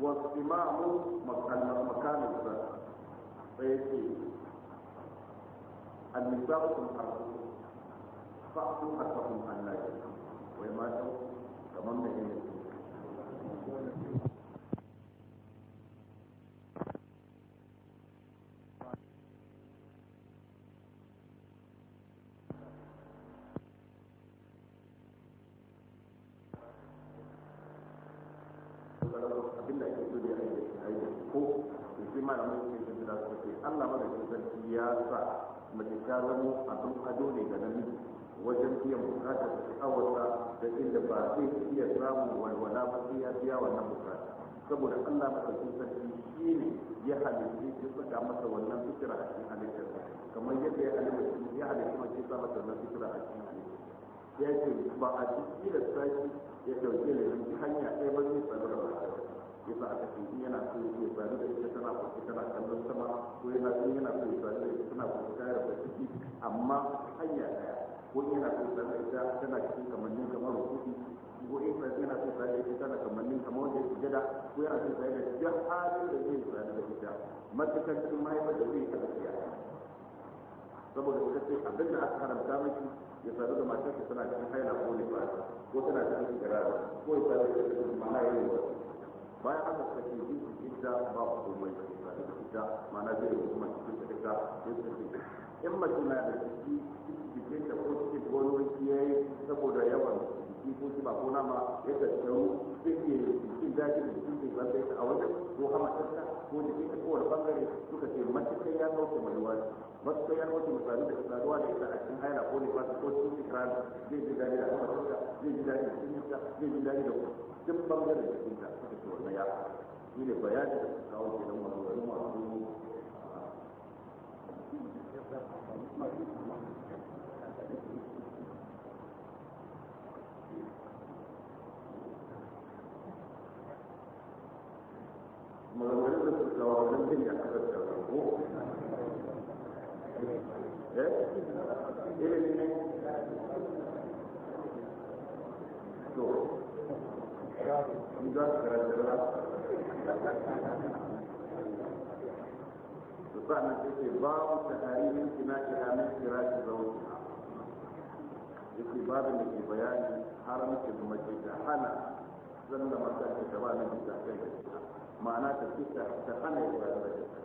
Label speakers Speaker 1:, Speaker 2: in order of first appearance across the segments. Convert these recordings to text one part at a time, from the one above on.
Speaker 1: والسماع مكان الذات فيأتي النساء في الأرض فأتوا حتى هم أن لا يجدوا وما كمان من ya sa mace ta zama abin ado ne ga nan wajen iya bukatar sha'awarsa da inda ba zai iya samun walwala ba sai ya biya wannan bukata saboda Allah madaukakin kusa shi ne ya halitta ya saka masa wannan fitira a cikin halittar kamar yadda ya halitta ya halitta shi sa masa wannan fitira a cikin halittar ya ce ba a cikin da sashi ya dauke da hanya ɗaya ba zai tsaro da yasa aka ce in yana so ya sami da ita tana kwanci tana kallon sama ko yana so yana so ya sami da ita tana kwanci tana da ciki amma hanya daya ko yana so ya sami da ita tana cikin kamannin kamar rukuki ko in yana so ya sami da ita tana kamannin kamar wanda ya ko yana so ya sami da ita halin da zai sami da ita matakan cikin mahaifar da zai taɓa siya saboda ita ce abin da aka haramta miki ya sadu da matarsa tana cikin haila ko ne ba ko tana cikin gara ko ya sadu da ita mana bayan aka sake yi su idda ba ku komai da ita mana zai yi kuma cikin da ita ya sake in mace na da ciki cikin ta ko cikin wani wani ya yi saboda yawan ciki ko kiba ko nama ya tattaru zai iya cikin daji da cikin da ba zai a wajen ko hamatarta ko jikin ta kowane bangare suka ce mace sai ya kauce mai wani masu kai ya kauce misali da saduwa da ita a cikin haila ko ne ko cikin ikirani zai ji daji da hamatarta zai ji daji da cikin zai ji daji da duk bangaren da suka suka ce wannan ya shi ne bayani da suka kawo ke nan wani wani masu malamai da suka kawo wajen jin ya kasar da rago eh
Speaker 2: eh
Speaker 1: in za su karanta ba su sa'anan na ce babu ta tarihin kina kira na kira shi zaune yake babin da ke bayani har mutum mace ta hana zan da mata ta ba na bisa kai ma'ana ta kita ta hana ya ba da ita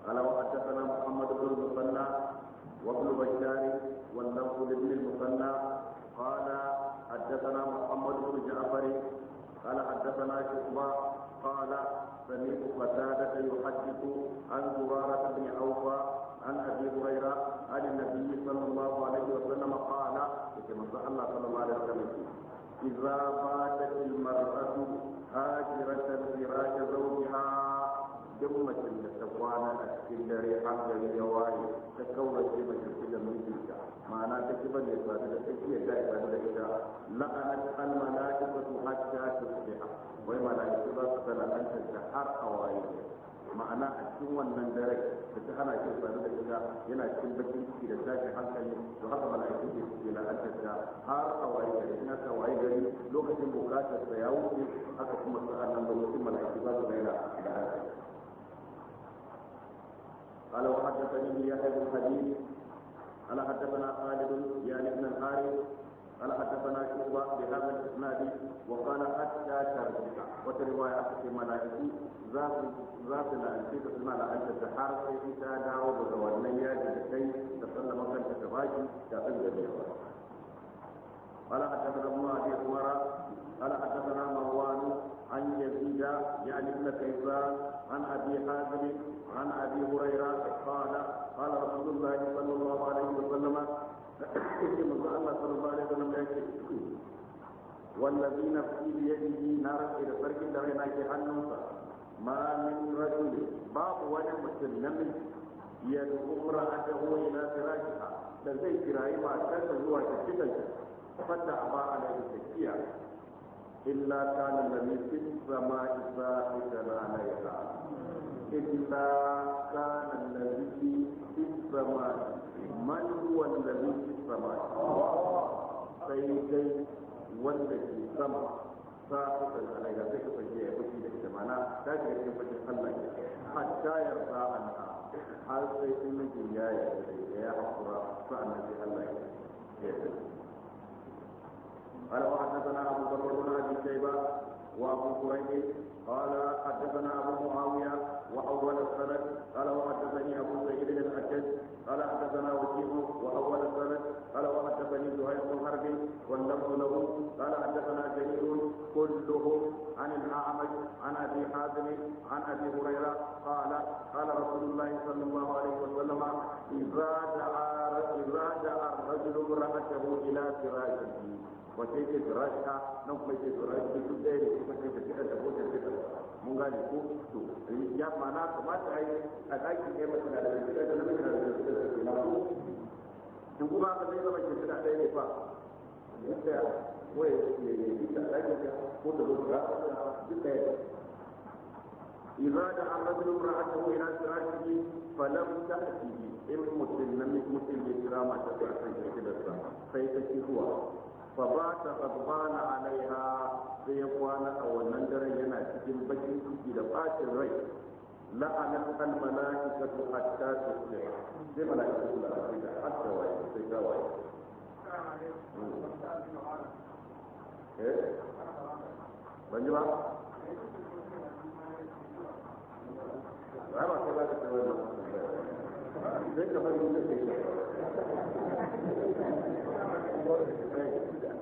Speaker 1: قال وحدثنا محمد بن المثنى وابن بشار واللفظ لابن المثنى قال حدثنا محمد بن جعفر قال حدثنا شعبة قال سمعت قتادة يحدث عن زرارة بن عوف عن ابي هريره عن النبي صلى الله عليه وسلم قال كما الله صلى الله عليه وسلم اذا باتت المراه هاجرة فراش زوجها ثم تكون ريحا من لجواري تكون كلمة ma'ana ta kibar da ba da tsakiyar da ba da ita la'anat al malaikatu hatta tusbiha wai malaiku za su talakanta ta har a waye ma'ana a cikin wannan dare da ta hana kin sanu da ita yana cikin bakin ciki da tashin hankali to haka malaiku ke suke la'antar ta har a waye gari in aka waye gari lokacin bukatar sa ya wuce haka kuma sa'an nan lokacin malaiku za su daina la'antar قال وحدثني يحيى بن حديث قال حدثنا خالد يعني ابن الحارث قال حدثنا شعبة بهذا الإسناد وقال حتى ترجع وفي رواية الملائكة ذات ذات الأنفسة الملائكة الزحارة في سادة وزوالنيا جلسي تسلم كنت كباجي تأذى قال حدثنا ابن أبي قال حدثنا مروان عن يزيد يعني ابن كيسان عن ابي حازم عن ابي هريره قال قال رسول الله صلى الله عليه وسلم من الله صلى الله عليه وسلم والذي نفسي بيده نار الى ترك الدرين اي حنوسا ما من رجل باب ولا مسلم يدعو امرأته الى فراشها da zai kirayi matar da فتح ta cikin fata illa kana lami fin sama isa idana laila illa kana lami fin sama man wani lami fin sama sai dai wanda ke sama sa su kanta laila sai ka fage ya fashi da jamana ta ke yake fashe Allah ke hatta ya sa anta har sai sun yi jiya ya yi da ya haƙura sa'an da sai Allah ya fashe قال وحدثنا ابو بكر بن ابي شيبه وابو كريب قال حدثنا ابو معاويه واول السند قال وحدثني ابو سعيد الاشد قال حدثنا وكيع واول السند قال وحدثني زهير بن حرب واللفظ له قال حدثنا جرير كلهم عن الاعمش عن ابي حازم عن ابي هريره قال قال رسول الله صلى الله عليه وسلم اذا دعا اذا دعا الرجل امراته الى فراشه wace yake ta, nan kuma yake zurashi duk ɗaya ne kuma ce da kiɗan da motar kiɗan mun gane ko to eh, ya mana kamata a yi a ɗaki ɗaya mace na da kiɗan da namiji na da kiɗan da ke na ko in kuma haka zai zama ke kiɗa ɗaya ne fa yadda waya ne ne kiɗa ɗaki ka ko da zuwa duk ɗaya ne إذا دعا الرجل امرأته إلى فراشه فلم تأته إن مسلم مسلم إكرامة تأتي كده sai ta ki fa ba ta gabana alaiha sai ya kwana a wannan daren yana cikin bakin ciki da bacin rai la'anan al-mala'ikatu hatta tusbih sai mala'ikatu sai ga waye hmm. eh
Speaker 2: ban ji ba ba sai ba
Speaker 1: ka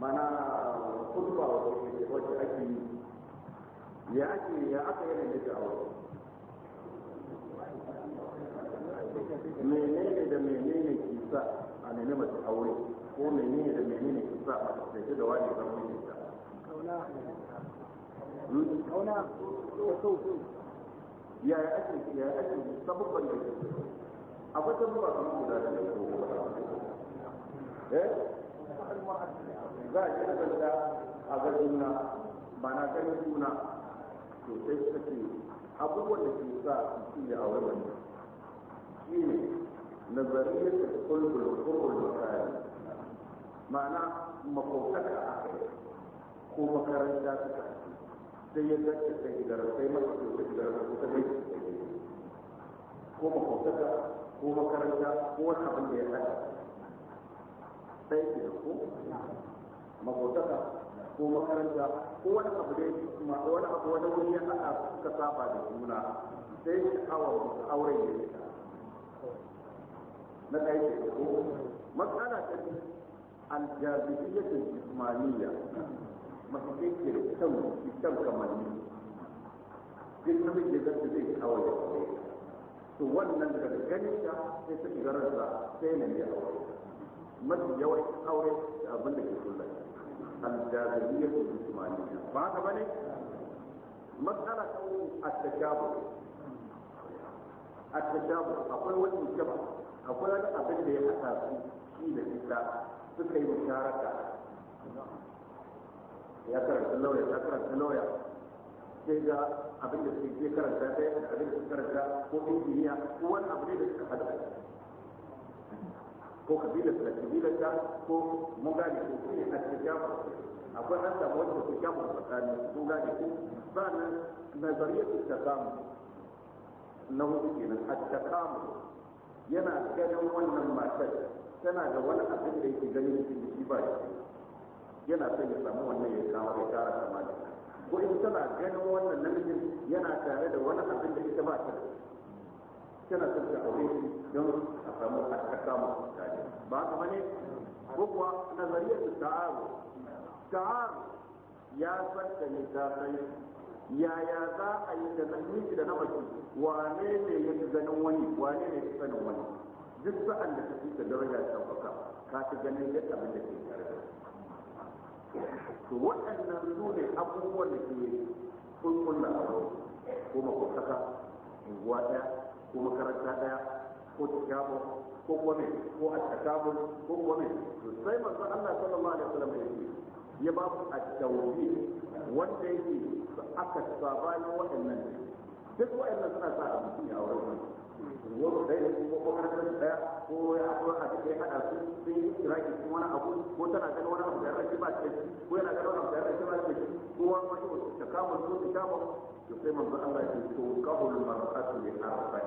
Speaker 1: mana kutuba wacce ake yi ya ake ya aka yi da da'awa menene da menene ke sa a nemi mace aure ko menene da menene ke sa a tafiye da wani zama ne ta kauna kauna ya ya ake ya ake sababban da ke akwai ba su guda da ne ko eh za a kira da a ga juna mana ganin juna to sai suka ce abubuwan da ke sa su iya aure wani shi ne nazariyar da kulbul kulbul makari ma'ana a kai ko makaranta suka sai ya dace ta gidara sai ta gidara ko ta ko makwabtaka ko makaranta ko wani abin da ya haɗa sai ke ko makotaka ko makaranta ko wani abu dai kuma wani abu wani wuri ya haɗa suka saba da juna sai sha'awar auren ya yi na ɗaya ke ko matsala ta aljazibiyya ta jismaniya masu ke kan, kyan kyan kamanni duk namiji da zai ya kawai da to wannan daga ganin ta sai ta shiga ransa sai na yi aure mafi yawan aure da abin da ke a al-jazariyya ko usmaniyya ba haka bane matsala ta at-tashabu a tashabu akwai wani mutaba akwai wani abin da ya hada su shi da ita suka yi musharaka ya karanta lauya ya karanta lauya sai ga abin da suke karanta ɗaya abin da karanta ko injiniya ko wani abu ne da suka hada ko kabilar da kabilar ta ko mun gane ko su ne al-tijafa akwai an samu wanda su kyamu tsakanin mun gane ko sannan nazariyatu takamu na hudu kenan at-takamu yana ganin wannan matar tana da wani abin da yake ganin cikin shi ba shi yana son ya samu wannan ya kama ya kara kama ko in tana ganin wannan namijin yana tare da wani abin da ita ba ta da tana son ta aure shi don a samu a mu tare ba ka bane ko kuwa nazariyar ta'aru ta'aru ya san ne ta san yaya za a yi da namiji da namiji wane ne ya fi ganin wani wane ne ya sanin wani duk sa'an da kake da daraja ta baka ka ta ganin yadda abin da ke tare da to waɗannan su ne abubuwan da ke kulkulla a wani kuma ko saka unguwa ɗaya ko makaranta daya ko tashabo ko kome ko a attakabul ko kome sai manzo Allah sallallahu alaihi wasallam ya ce ya ba ku at wanda yake aka sabani wa'annan duk wa'annan suna sa a mutum ya aure yau da yi ko ko daya ko ya akwai a cikin hada su sai yi kiraki cikin wani abu ko tana ganin wani abu da rashi ba ce ko yana ganin wani abu da rashi ba ce ko wani wani wasu ta kama su ta kama to sai manzo Allah ya ce to kabul mar'atu li arba'i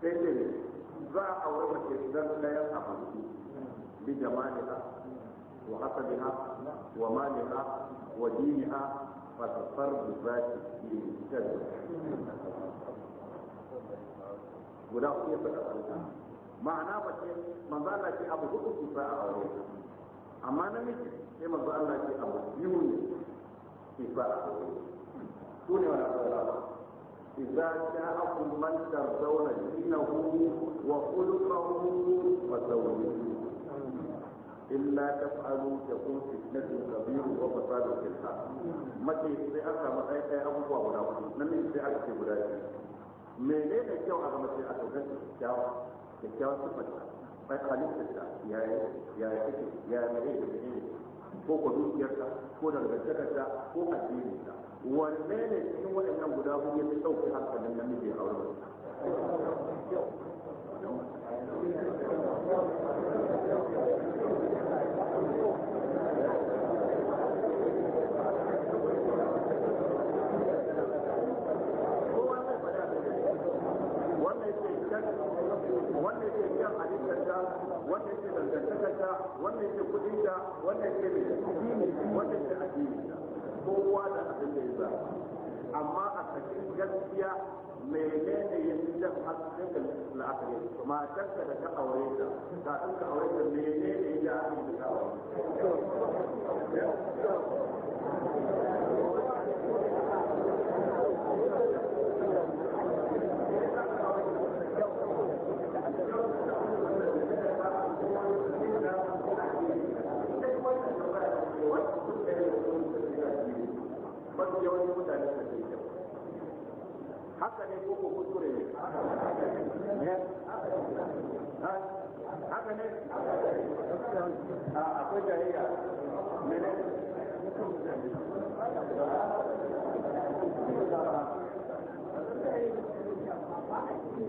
Speaker 1: sai ce za a aure mace idan daya a mutu bi jama'a wa hasabiha wa maliha wa diniha fa tasarrufu ذات الدين guda uku ya faɗa aure ma'ana ba ce manzo Allah ce abu hudu ki fa aure amma namiji sai manzo Allah ce abu biyu ne ki fa aure su ne wani abu da إذا جاءكم من ترضون دينه وخلقه وزوجه إلا تفعلوا تكون فتنة كبيرة وفساد في الحال. ما تيجي أكثر من أي أبو ولا نمشي أكثر من ne kyau a gama sai a saukar da kyakkyawa kyakkyawa bai ya ya yi kake ya yi da ko ko dukiyarta ko dangantakarta ko addininta wanne ne cikin waɗannan guda ɗauki hankalin namiji a wurin wannan ke kudin da wannan ke mai wannan ke addini kowa da abin da ya za amma a sakin gaskiya menene ya fi jan hasken da la'akari matar da ta aure ta kafin ka aure ta menene ya fi da ta aure wani mutane da ke kyau haka ne ko ko kuskure ne haka ne akwai jayayya mene Thank you.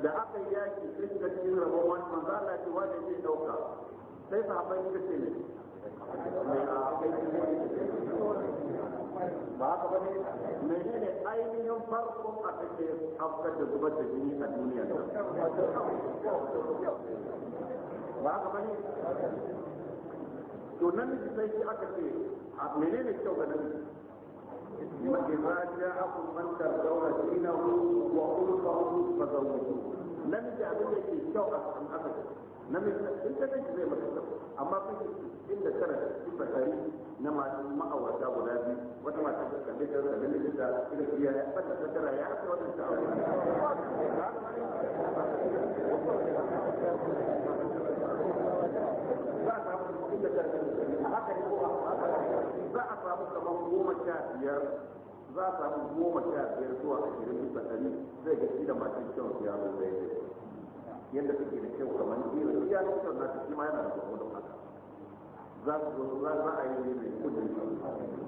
Speaker 1: da aka yi yaki sai suka ci rabon wani manzo Allah ce wanda zai dauka sai sahabbai suka ce ne ba haka bane menene ainihin farko a kake afkar da zubar da jini a duniya ba haka bane to namiji sai shi aka ce mene ne kyau ga namiji وإذا جاءكم من ترضون دينه وخلقه فزوجوه namiji abin da ke kyau a cikin afirka namiji in ka zai zai maka kyau amma kun ke inda tara sifar tari na masu ma'aurata guda biyu wata mata ta kalle ta kalle ne da ita biya ya bata ta tara ya haka wannan ta aure za ta inda tara a haka ne ko a haka samu kamar goma sha biyar za a samu goma sha biyar zuwa ashirin bisa ɗari zai ga shi da masu kyau ya zo zai yadda suke da kyau kamar irin iya kyau na shi ma yana da da haka za su zo za a yi ne mai kudin su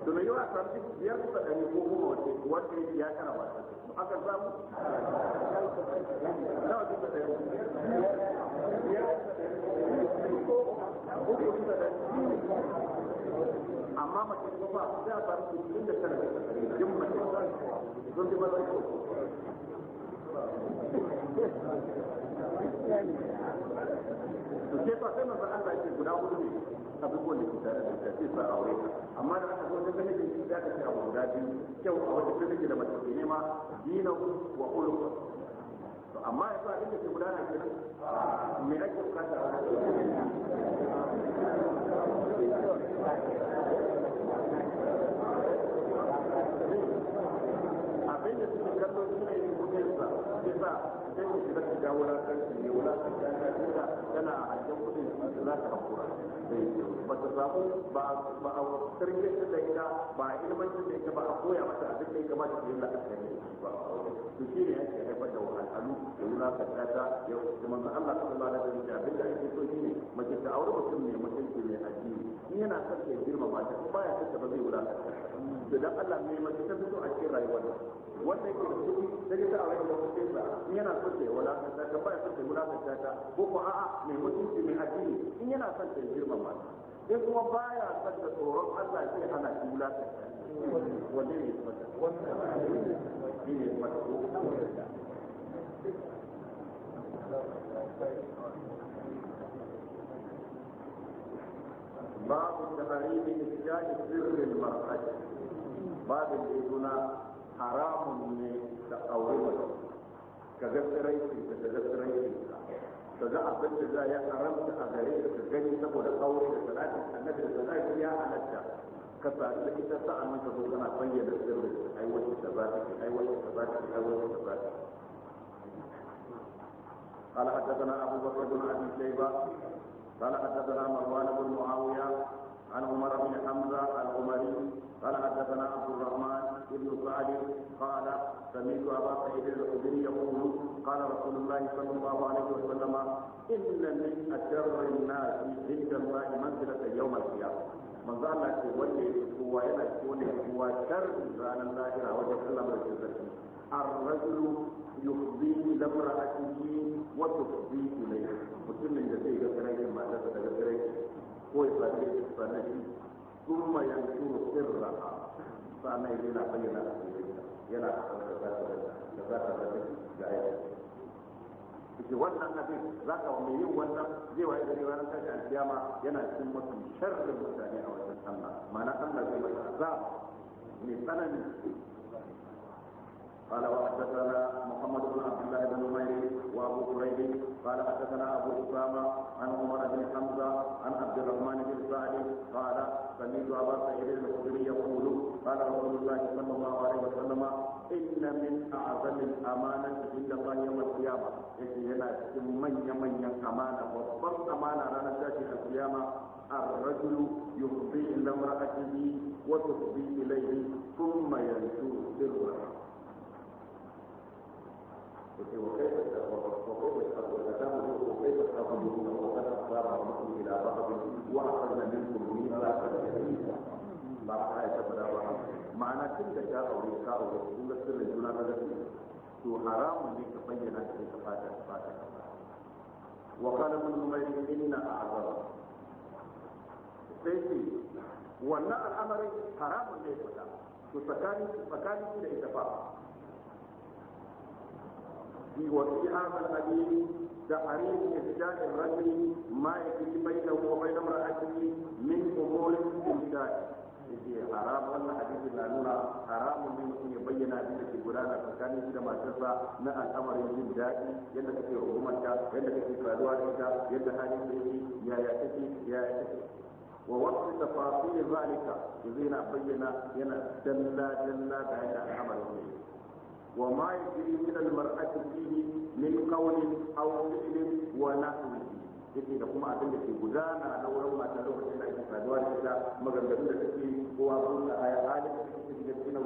Speaker 1: to mai yawa san duk biyar bisa ɗari ko goma wace wace ya kara ba ta akan samu nawa duka ¿Dónde to sai ba sai manzon Allah yake guda hudu ne abubuwan da ke tare da ta ce sa aure amma da aka da ka ce guda biyu kyau a wata take da mace ma dinahu wa khuluqu to amma ke me ake bukata a da suke kallo suke yin kudin sa yasa sai mu shiga shiga wulakanci ne wulakanci an kaji ta tana a hajjan kudin da za ta hakura ba ta samu ba a tarbiyyantar da ita ba a ilmantar da ita ba a koya mata abin da ya kamata ta yi ba to shi ne ake haifar da wahalhalu da wulakanta ta ya da manzo Allah sallallahu alaihi wasallam da abin da ake so shi ne mace ta aure mutum mai mutunci mai addini in yana son ya girmama ta ba ya son ta ba zai wulakanta ta dan Allah mai mace ta fito a cikin rayuwar wanda yake da kuɗi da ya sa wani da kuɗin sa in yana son ta wala ta ta ba ya son ta wala ta ko ko a'a mai mutunci mai addini in yana son ta girma ba in kuma baya son ta tsoron Allah sai ana shi wala ta wanda ne mata wanda ne mata ko باب تحريم إفشاء سر المرأة باب الإذن حرام تقاومه كذب ريسي كذب ريسي فذا أبدت لا يا حرام تأذريك تجني سبو لقوري لسلاك النجل سلاك يا حلتا كفار لك تسعى من تبقنا فنيا بسر أي وجه سباتك أي وجه سباتك أي وجه سباتك قال حدثنا أبو بكر بن أبي شيبة قال حدثنا مروان بن معاوية عن عمر بن حمزة العمري قال حدثنا عبد الرحمن مالك قال سمعت ابا سعيد الخدري يقول قال رسول الله صلى الله عليه وسلم ان من اشر الناس عند الله منزله يوم القيامه من ذا الله ce wanda ya fi kowa yana cikin wanda ya fi kowa sharri ranar lahira wajen Allah mai sarki الرجل يفضي لامرأته وتفضي إليه mutumin da zai ga tsirrai matarsa daga tsirrai ko ya sami sanadi ثم ينشر سرها sannan yana bayyana a cikin yana da za ta da ta da ga aiki yake wannan abin za ka mai yin wannan zai waye gari ranar tashi alkiyama yana cikin mafi sharrin mutane a wajen Allah ma'ana Allah zai mai azab mai tsanani قال وحدثنا محمد بن عبد الله بن نمير وابو كريب قال حدثنا ابو اسامه عن عمر بن حمزه عن عبد الرحمن بن سعد قال سمعت ابا سعيد الخدري يقول قال رسول الله صلى الله عليه وسلم إن من أعظم الأمانة عند الله يوم القيامة إن هنا من يمن أمانة وصف أمانة على نشاشة القيامة الرجل يفضي إلى امرأته وتفضي إليه ثم ينشر سرها وكيف وكيف وكيف تأخذون وقد أخبر إلى رغب وأخذنا منكم ميثاقا ba a aisha fada ba ma'ana tun da ka aure ka aure kun ga sirrin juna ka ga to haramun ne ka bayyana da ka fata ka fata wa qala ibn umayr inna a'zara sai ce wannan al'amarin haramun ne fada to tsakanin tsakanin da ita fa في وفي هذا الحديث تحريم إفساد الرجل ما يجري بينه وبين امرأته من أمور الإمساك yake haram wannan hadisi na nuna haramun ne mutum ya bayyana abin da ke gudana tsakanin shi da matarsa na al'amarin jin daɗi yadda kake rukumanta yadda kake saduwa da ita yadda halin da yake yaya take yaya take wa wasu tafasil zalika zai na bayyana yana dalla dalla da yadda al'amarin Wa yake وما يجري من المرأة فيه من قول أو فعل ونحوه yake da kuma abin da ke gudana na wurin mata lokacin rayuwa da ita maganganun da take ko a da take cikin ko na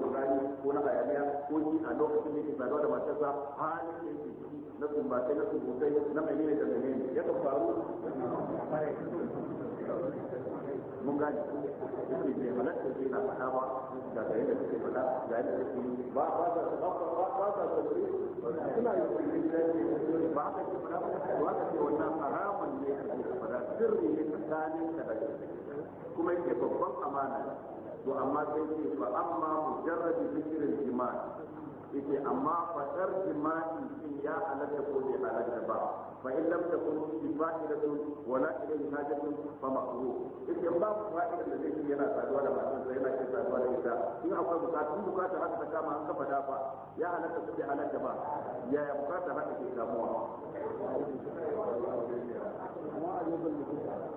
Speaker 1: hayaniya ko shi a lokacin da yake rayuwa da matarsa hali da yake ciki na sumbatai na na mai ne da mai ne ya kan faru mun yake bai halatta na faɗa da ga yadda suke faɗa ga yadda suke yi ba ba da ba ba ba suna yi da ba ka faɗa ba ce wannan haramun ne faɗa sirri ne tsakanin da kuma yake babban amana to amma sai ce fa amma mujarrad zikirin jima'i yake amma fadar jima'i din ya alaka ko bai alaka ba fa in lam takun bi fa'ilatu wa la ilayhi hajatun fa makruh idan ba fa'ida da zai yana saduwa da masu sai yana kin saduwa da ita in akwai bukatun bukata haka ta kama an kafa dafa ya alaka ko bai alaka ba ya bukata haka ke samuwa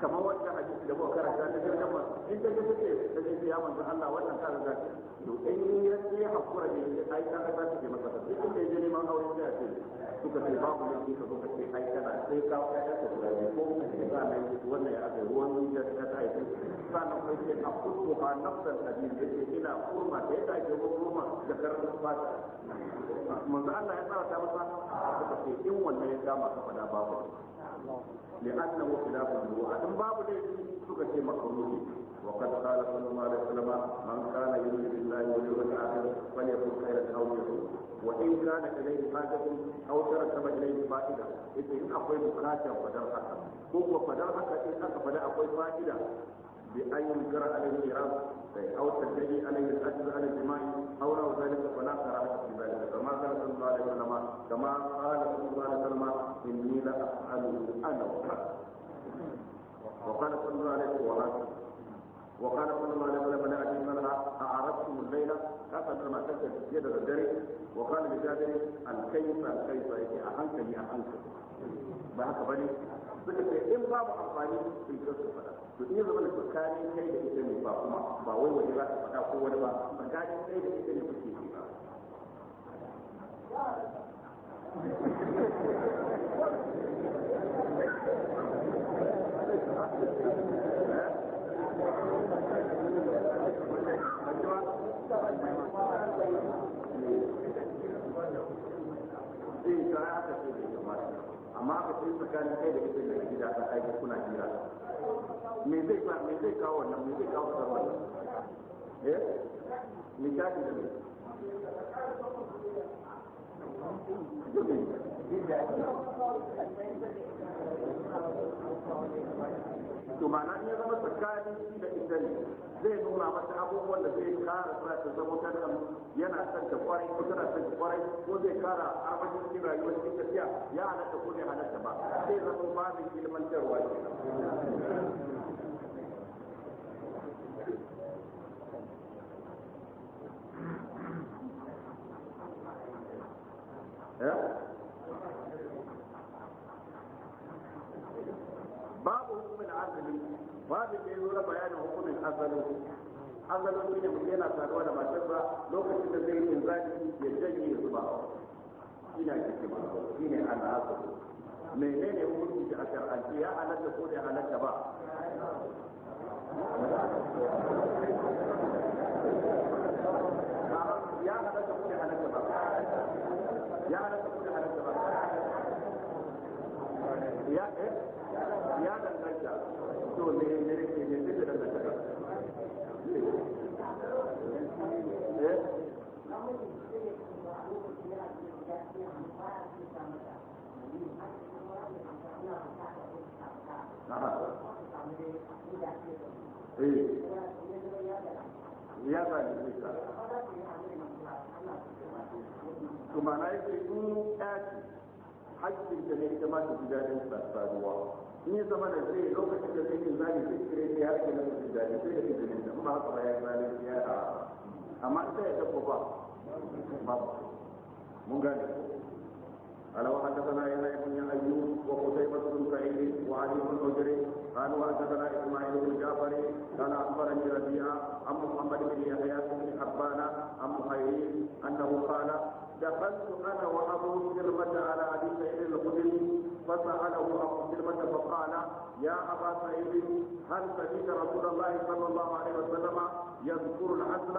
Speaker 1: kamar a hadisi da muka karanta ta jirgin ba in ta ji suke da zai ya manzo Allah wannan ta riga ta to in ya ce hakura ne ai ta riga ta ke masa duk ya je neman aure sai ce suka ce babu ne ka zo ka ce ai kana sai ka ka ta ko ka ce ba mai wannan ya aka ruwan ya ta sa na kai ke a kuɗu ba nafsar da ji da ke ina kurma da ya dace ba kurma da karar fata manzo Allah ya tsara ta masa da wannan ya ga maka fada babu li anna wa khilafu ruwa dan babu dai suka ce makaruni wa qad qala sallallahu alaihi wasallam man kana yuridu billahi wal yawmil akhir falyakun khayran aw yakun wa in kana kadai hajatun aw taraka majlisin fa'ida idan akwai bukata fadar haka ko kuwa fadar haka idan aka fada akwai fa'ida بأن ينكر عليه الإعراب أو التشريع عليه الأجر على الجماع أو نحو ذلك فلا كراهة في ذلك كما قال صلى الله عليه وسلم كما قال صلى الله عليه وسلم إني لأفعله أنا وحسن وقال صلى الله عليه وسلم وقال صلى الله عليه وسلم لا أجد لها أعرفتم الليلة أخذ ما تكتب يد الدري وقال لجابر الكيف الكيف يجي أحنكني أحنكني بهك بني suka ce in babu amfani in ka su faɗa to in zama da kai da ita ne ba kuma ba wai wani za ka faɗa ko wani ba tsakanin kai da ita ne kuke ba eh, Thank amma aka ce tsakanin kai da ita da gida ta aiki kuna jira me zai ka me zai kawo wannan me zai kawo ta wannan eh ni ta ji da ni to ma'ana in zama tsakanin da ita ne zai nuna mata abubuwan da zai kara sa ta zama ta kan yana son ta kwarai ko tana son ta kwarai ko zai kara armashin cikin rayuwar cikin tafiya ya halatta ko bai halatta ba sai zama babin ilmantarwa ke babu hukumin azumi babu da yazo na bayanin hukumin azalin azalin shine mutum yana saduwa da matarsa lokacin da zai yi inzali ya janye zuba ina hikima shine al'azal menene hukunci da shar'anci ya halatta ko da halatta ba ya halatta ko da halatta ba ya halatta ko da halatta ba ya eh so ne ne ke ne ne
Speaker 2: ya ba zai kuma na
Speaker 1: yi haƙƙin ta ne ita ma ta ji daɗin saduwa in ya zama da zai lokacin da zai yin zali zai kire ta ya rage masa jin daɗi sai da izinin da ba haka ba ya zali ya a amma ita ya dabba ba ba mun gane قال وحدثنا يحيى بن ايوب وقتيبة بن سعيد وعلي بن حجر قال وحدثنا اسماعيل بن جعفر قال اخبرني ربيعه عن محمد بن يحيى بن حبان عن محيرين انه قال دخلت انا وابو سلمة على ابي سعيد الخدري فساله ابو سلمة فقال يا ابا سعيد هل سمعت رسول الله صلى الله عليه وسلم يذكر العزل؟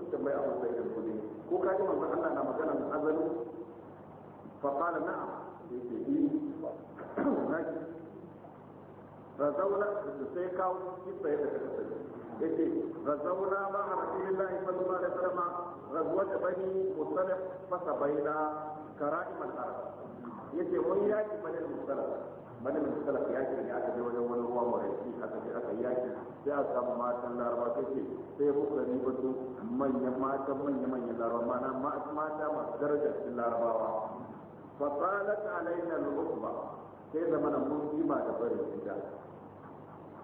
Speaker 1: كنت ما يا ابو سعيد الخدري وكان الله نعم انا مكان فقال نعم فزونا سيكاو كيف يتكلم يجي فزونا مع رسول الله صلى الله عليه وسلم غزوة بني مصطلق فسبينا كرائم الأرض يجي وياك بني المصطلق bane mai salaf yaki ne aka je wajen wani ruwa maraici aka je aka yaki sai a samu matan laraba ce sai muka riba su manyan matan manya manyan laraba mana mata masu darajar cikin larabawa فطالت علينا الركبة sai da mana mun kima da barin gida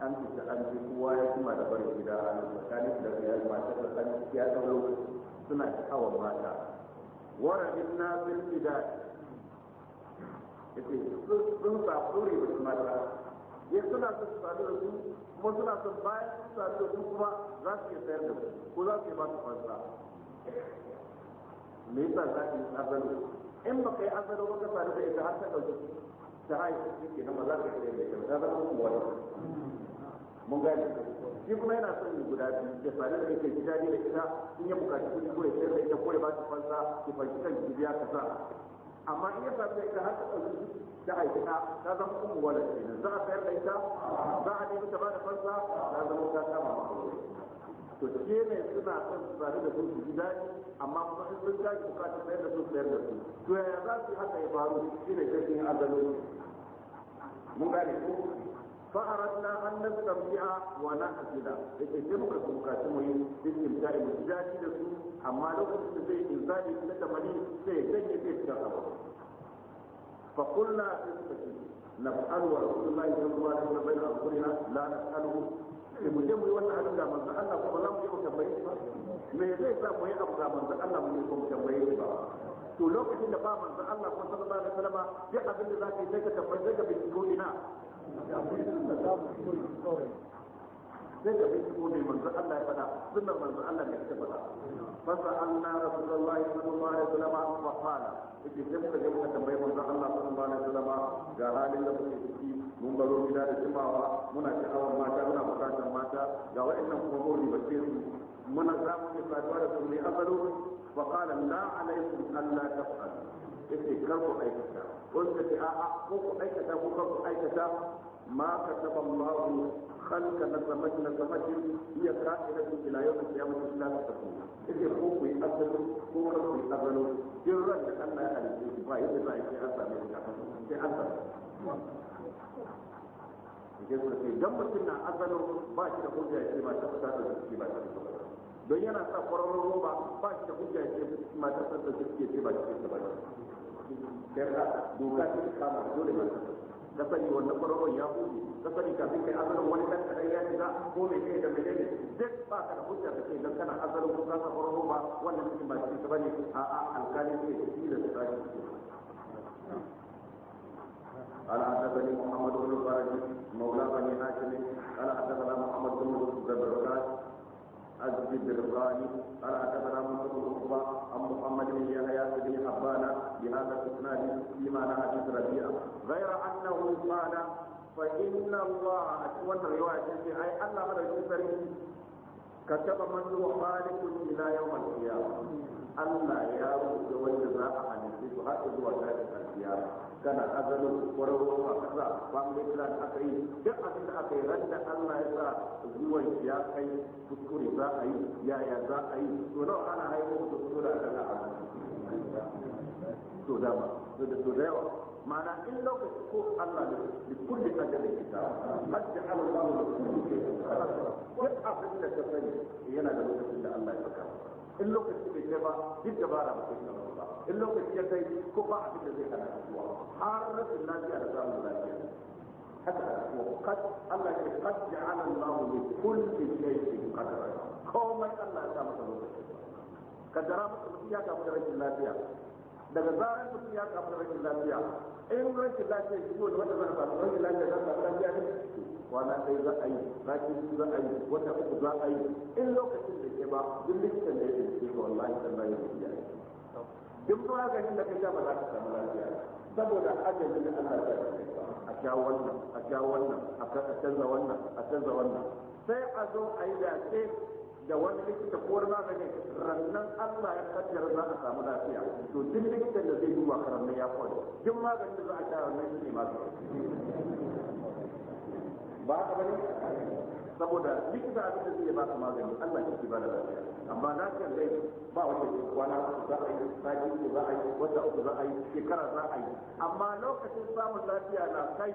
Speaker 1: an fita an ji kowa ya kima da barin gida a nan tsakanin da riyal mata da kan ya dauro suna sha'awar mata wara na fil gida yace sun sa tsuri ba mata ya suna son su sadu da su kuma suna son bayan sun sadu da su kuma za su iya sayar da su ko za su iya ba su fansa me yasa za ki yi azalu in ba kai an zaro baka sadu da ita har ta dauke ta hayi shi ke nan ba za ka yi da ita ta zama kuma wani mun gane shi kuma yana son yi guda biyu ya sadu da ita gida ne da ita in ya bukaci kuɗi ko ya sayar da ita ko ya ba shi fansa ki fanki kan biya ka sa amma in ya sadu da ita har ta dauke da aikata ta ta zama kuma wala kenan za a sayar da ita za a nemi ta ba da fansa ta zama ta kama maka to ke ne suna son su sami da sun ji daɗi amma kuma in sun tashi bukatar sayar da su sayar da su to yaya za su haka ya faru shi ne sai sun azalo mun gane ko fa'aratna an nastamti'a wa nahsila yake sai muka bukaci mu yi mu daɗi da su amma lokacin da zai inzali na tamani sai ya janye sai fita gaba fa kullu sai suka ce نسأل ورسول الله صلى الله عليه وسلم بين أنصرنا ce mu je mu yi wannan abin da Allah ko za mu mu tambaye shi ba me zai sa mu yi abu da Allah mu je mu tambaye shi ba to lokacin da ba manzo Allah ko sallallahu alaihi wasallam ya abin da zaka yi sai ka tambaye sai ka binciko ina sai da binciko ne Allah ya faɗa sunnar manzo Allah ne ya faɗa fasa anna rasulullahi sallallahu alaihi wasallam fa qala idan muka je muka tambaye manzo Allah sallallahu alaihi wasallam ga halin da ciki mun baro gida da jimawa muna sha'awar mata muna bukatar mata ga wa'annan kuma mun ribace su muna samu ne saduwa da su ne azaro fa qala la alaykum alla tafal yace kar ku aikata ko su ce a'a ko ku aikata ko ku aikata ma kataba Allahu khalqa nazamati nazamati ya ka'ira bi ila yawm al-qiyamah illa taqul yace ko ku azaro ko ku azaro jirran da Allah ya halice ba yace ba yace an samu ka ta ce an samu sai suka ce dan mutum na asalin ba shi da hujja ya ce ma ta fita da suke ba ta fata don yana sa kwararrun roba ba shi da hujja ya ce ma ta fita da suke ce ba ta fata ba sai ka doka ta kama dole ba ta ka sani wannan kwararrun ya hudu ka sani kafin kai asalin wani dan kadan ya shiga ko mai kai da mai ne duk ba ka da hujja ka ce don kana asalin ko ka sa kwararrun ba wannan cikin ba shi ba ne a alkalin ne da shi da tsari قال حدثني محمد بن الفرج مولى بني هاشم قال حدثنا محمد بن الزبرقان الزبرقاني قال حدثنا محمد بن عقبة عن محمد بن يحيى بن حبان بهذا الاسناد في لا حديث ربيعة غير انه قال فإن الله أتمنى رواية أي أن هذا الكفر كتب من هو خالق إلى يوم القيامة الله يا رب والجزاء su haɗa zuwa a alfiya kana azalin kwararwa a ƙasa family plan aka yi duk abin da aka yi randa da Allah ya sa zuwan ya kai kuskure za a yi yaya za a yi to nawa ana haifar da kuskure a kan abu to dama to da to da yawa ma'ana in lokaci ko Allah da da kulli ajalin kita hadda Allah da kulli ke duk abin da ta sani yana da lokacin da Allah ya saka in lokaci bai kai ba duk dabara ba kai ba in lokaci ya kai ko ba a cikin zai kana kasuwa har rashin lafiya da samun lafiya haka kasuwa kad Allah ya kad ala Allah li kulli shay'in qadara komai Allah ya sa masa lokaci kaddara masa mutum ya kamu da rashin lafiya daga zarar mutum ya kamu da rashin lafiya in rashin lafiya shi ne wanda zan samu rashin lafiya zan samu lafiya ne kwana ɗaya za a yi sati biyu za a yi wata uku za a yi in lokacin da ke ba duk likitan da ya ke wallahi sallallahu alaihi wa sallam duk maganin da ka sha ba za ka samu lafiya saboda ajalin da Allah ya yi a sha wannan a sha wannan a canza wannan a canza wannan sai a zo a yi da dace da wani likita ko wani magani rannan Allah ya kaddara za a samu lafiya to duk likitan da zai duba ka rannan ya kwanta duk maganin da za a sha rannan shi ne magani ba ka bane saboda likita abin da zai su magani Allah ya ki bada lafiya amma na kan dai ba wanda ke kwana za a yi sai ko za a yi wata uku za a yi shekara za a yi amma lokacin samun lafiya na kai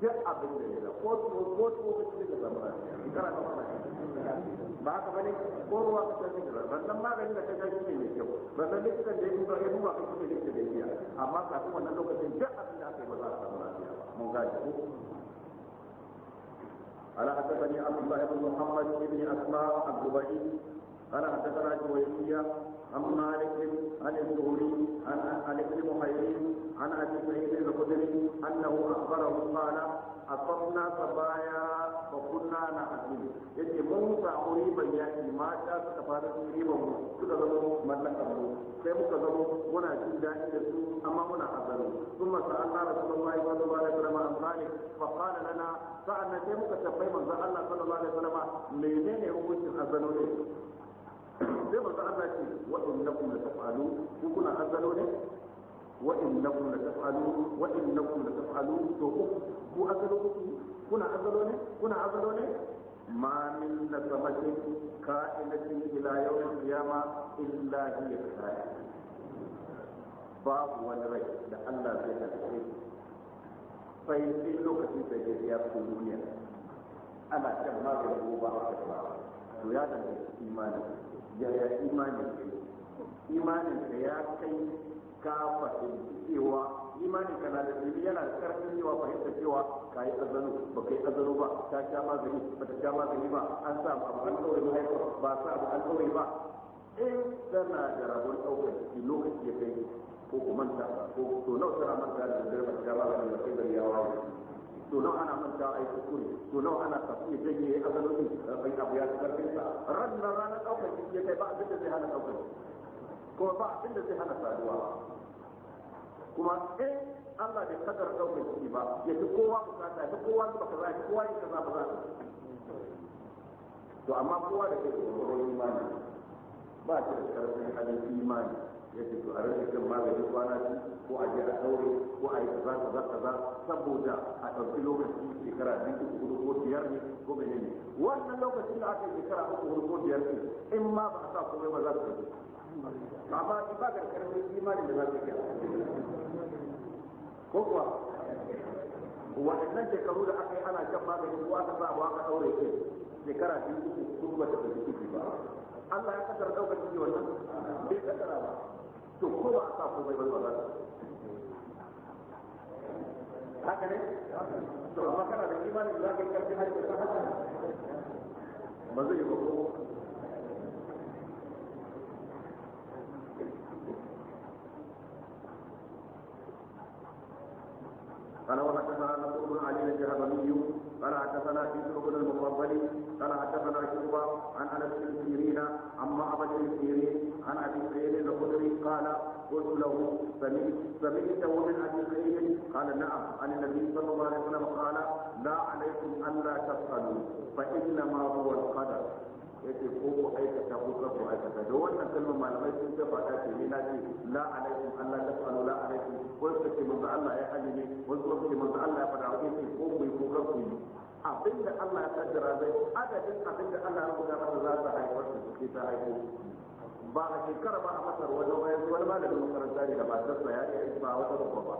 Speaker 1: duk abin da ya ko tuwo ko tuwo ka cikin da samu shekara ta fara ba haka bane ko ruwa ka cikin da wannan magani da ka ga shi ne mai kyau wannan likitan da ya duba ya duba ka cikin da ya amma kafin wannan lokacin duk abin da aka yi ba za a samu lafiya mun gaji قال حدثني عبد الله بن محمد بن اسماء الدبئي قال حدثنا جويرية عن مالك عن الزهري عن عن ابن محيرين عن ابي سعيد الخدري انه اخبره قال اصبنا صبايا fa na azumi yace mun samu riban yaki mata suka fara cin riban mu suka zama mu sai muka zama muna jin daɗi da su amma muna sun masa Allah an fa lana sa'an sai muka tabbai manzo Allah sallallahu alaihi wasallam menene hukuncin ne sai manzo Allah ce wa innakum ku kuna ne wa innakum wa innakum to ku ku kuna azalo ne kuna azalo ne ma min nasamatin ka'ilatin ila yawmin qiyama illa hiya kaya babu wani rai da Allah zai karɓe sai sai lokacin da ya fi duniya ana kan maganin ba wa ba to ya danganta ya ya imanin ke imanin ka ya kai ka fahimci cewa imani kana da ilimi yana da karfin cewa fahimta cewa ka yi azanu ba ka yi azanu ba ta sha magani ba ta sha magani ba an sa ba an kawai mahaifa ba sa ba an kawai ba in tana da rabon ɗaukar ciki lokaci ya kai ko ku manta ko to nawa tana manta da dare ba ta ba da kai bari ya wawo to nawa ana manta a yi kuskure to nawa ana yi janye azanu a bai abu ya karfin sa ran ranar ɗaukar ciki ya kai ba a da zai hana ɗaukar ciki kuma ba abin da zai hana saduwa kuma in Allah bai kadar daukar ciki ba ya fi kowa ku kasa ya fi kowa zuba baka ya fi kowa yin kaza ba za to amma kowa da kai tsoron imani ba shi da karfin halin imani ya ce to a rage kan magani kwana ko a je a daure ko a yi kaza kaza kaza saboda a ɗauki lokaci shekara biyu uku hudu ko biyar ne ko menene wannan lokacin da aka yi shekara uku ko biyar ne in ma ba a sa komai ba za su ɗauki amma shi ba ka karfin imanin da za su yi ko kuwa waɗannan shekaru da aka yi ana kan maganin ko aka sa aka ɗaure ke shekara biyu uku sun ba ta ciki ba Allah ya kasar ɗaukar ciki wannan bai kasara ba to ko ba a sa ko bai ba za haka ne to amma kana da imanin da za ka yi karfi har da ba zai yi ba ko قال وحدثنا نصر بن علي الجهضمي قال حدثنا يوسف بن المفضل قال حدثنا شعبة عن انس بن سيرين عن معبد بن سيرين عن ابي سعيد الخدري قال قلت له سمعت ومن ابي سعيد قال نعم عن النبي صلى الله عليه وسلم قال لا عليكم ان لا تسالوا فانما هو القدر yake ko ku aikata ko ka ku aikata da wannan kalmar malamai sun ce faɗa ce ni na ce la alaikum Allah ta la alaikum wasu kace manzo Allah ya hali ne wasu kuma manzo Allah ya fada wa kai ko ko Allah ya kaddara zai adadin Allah ya masa za ta su ta ba a shekara ba a masar wani makaranta ne da matarsa ya yi ba wata babba ba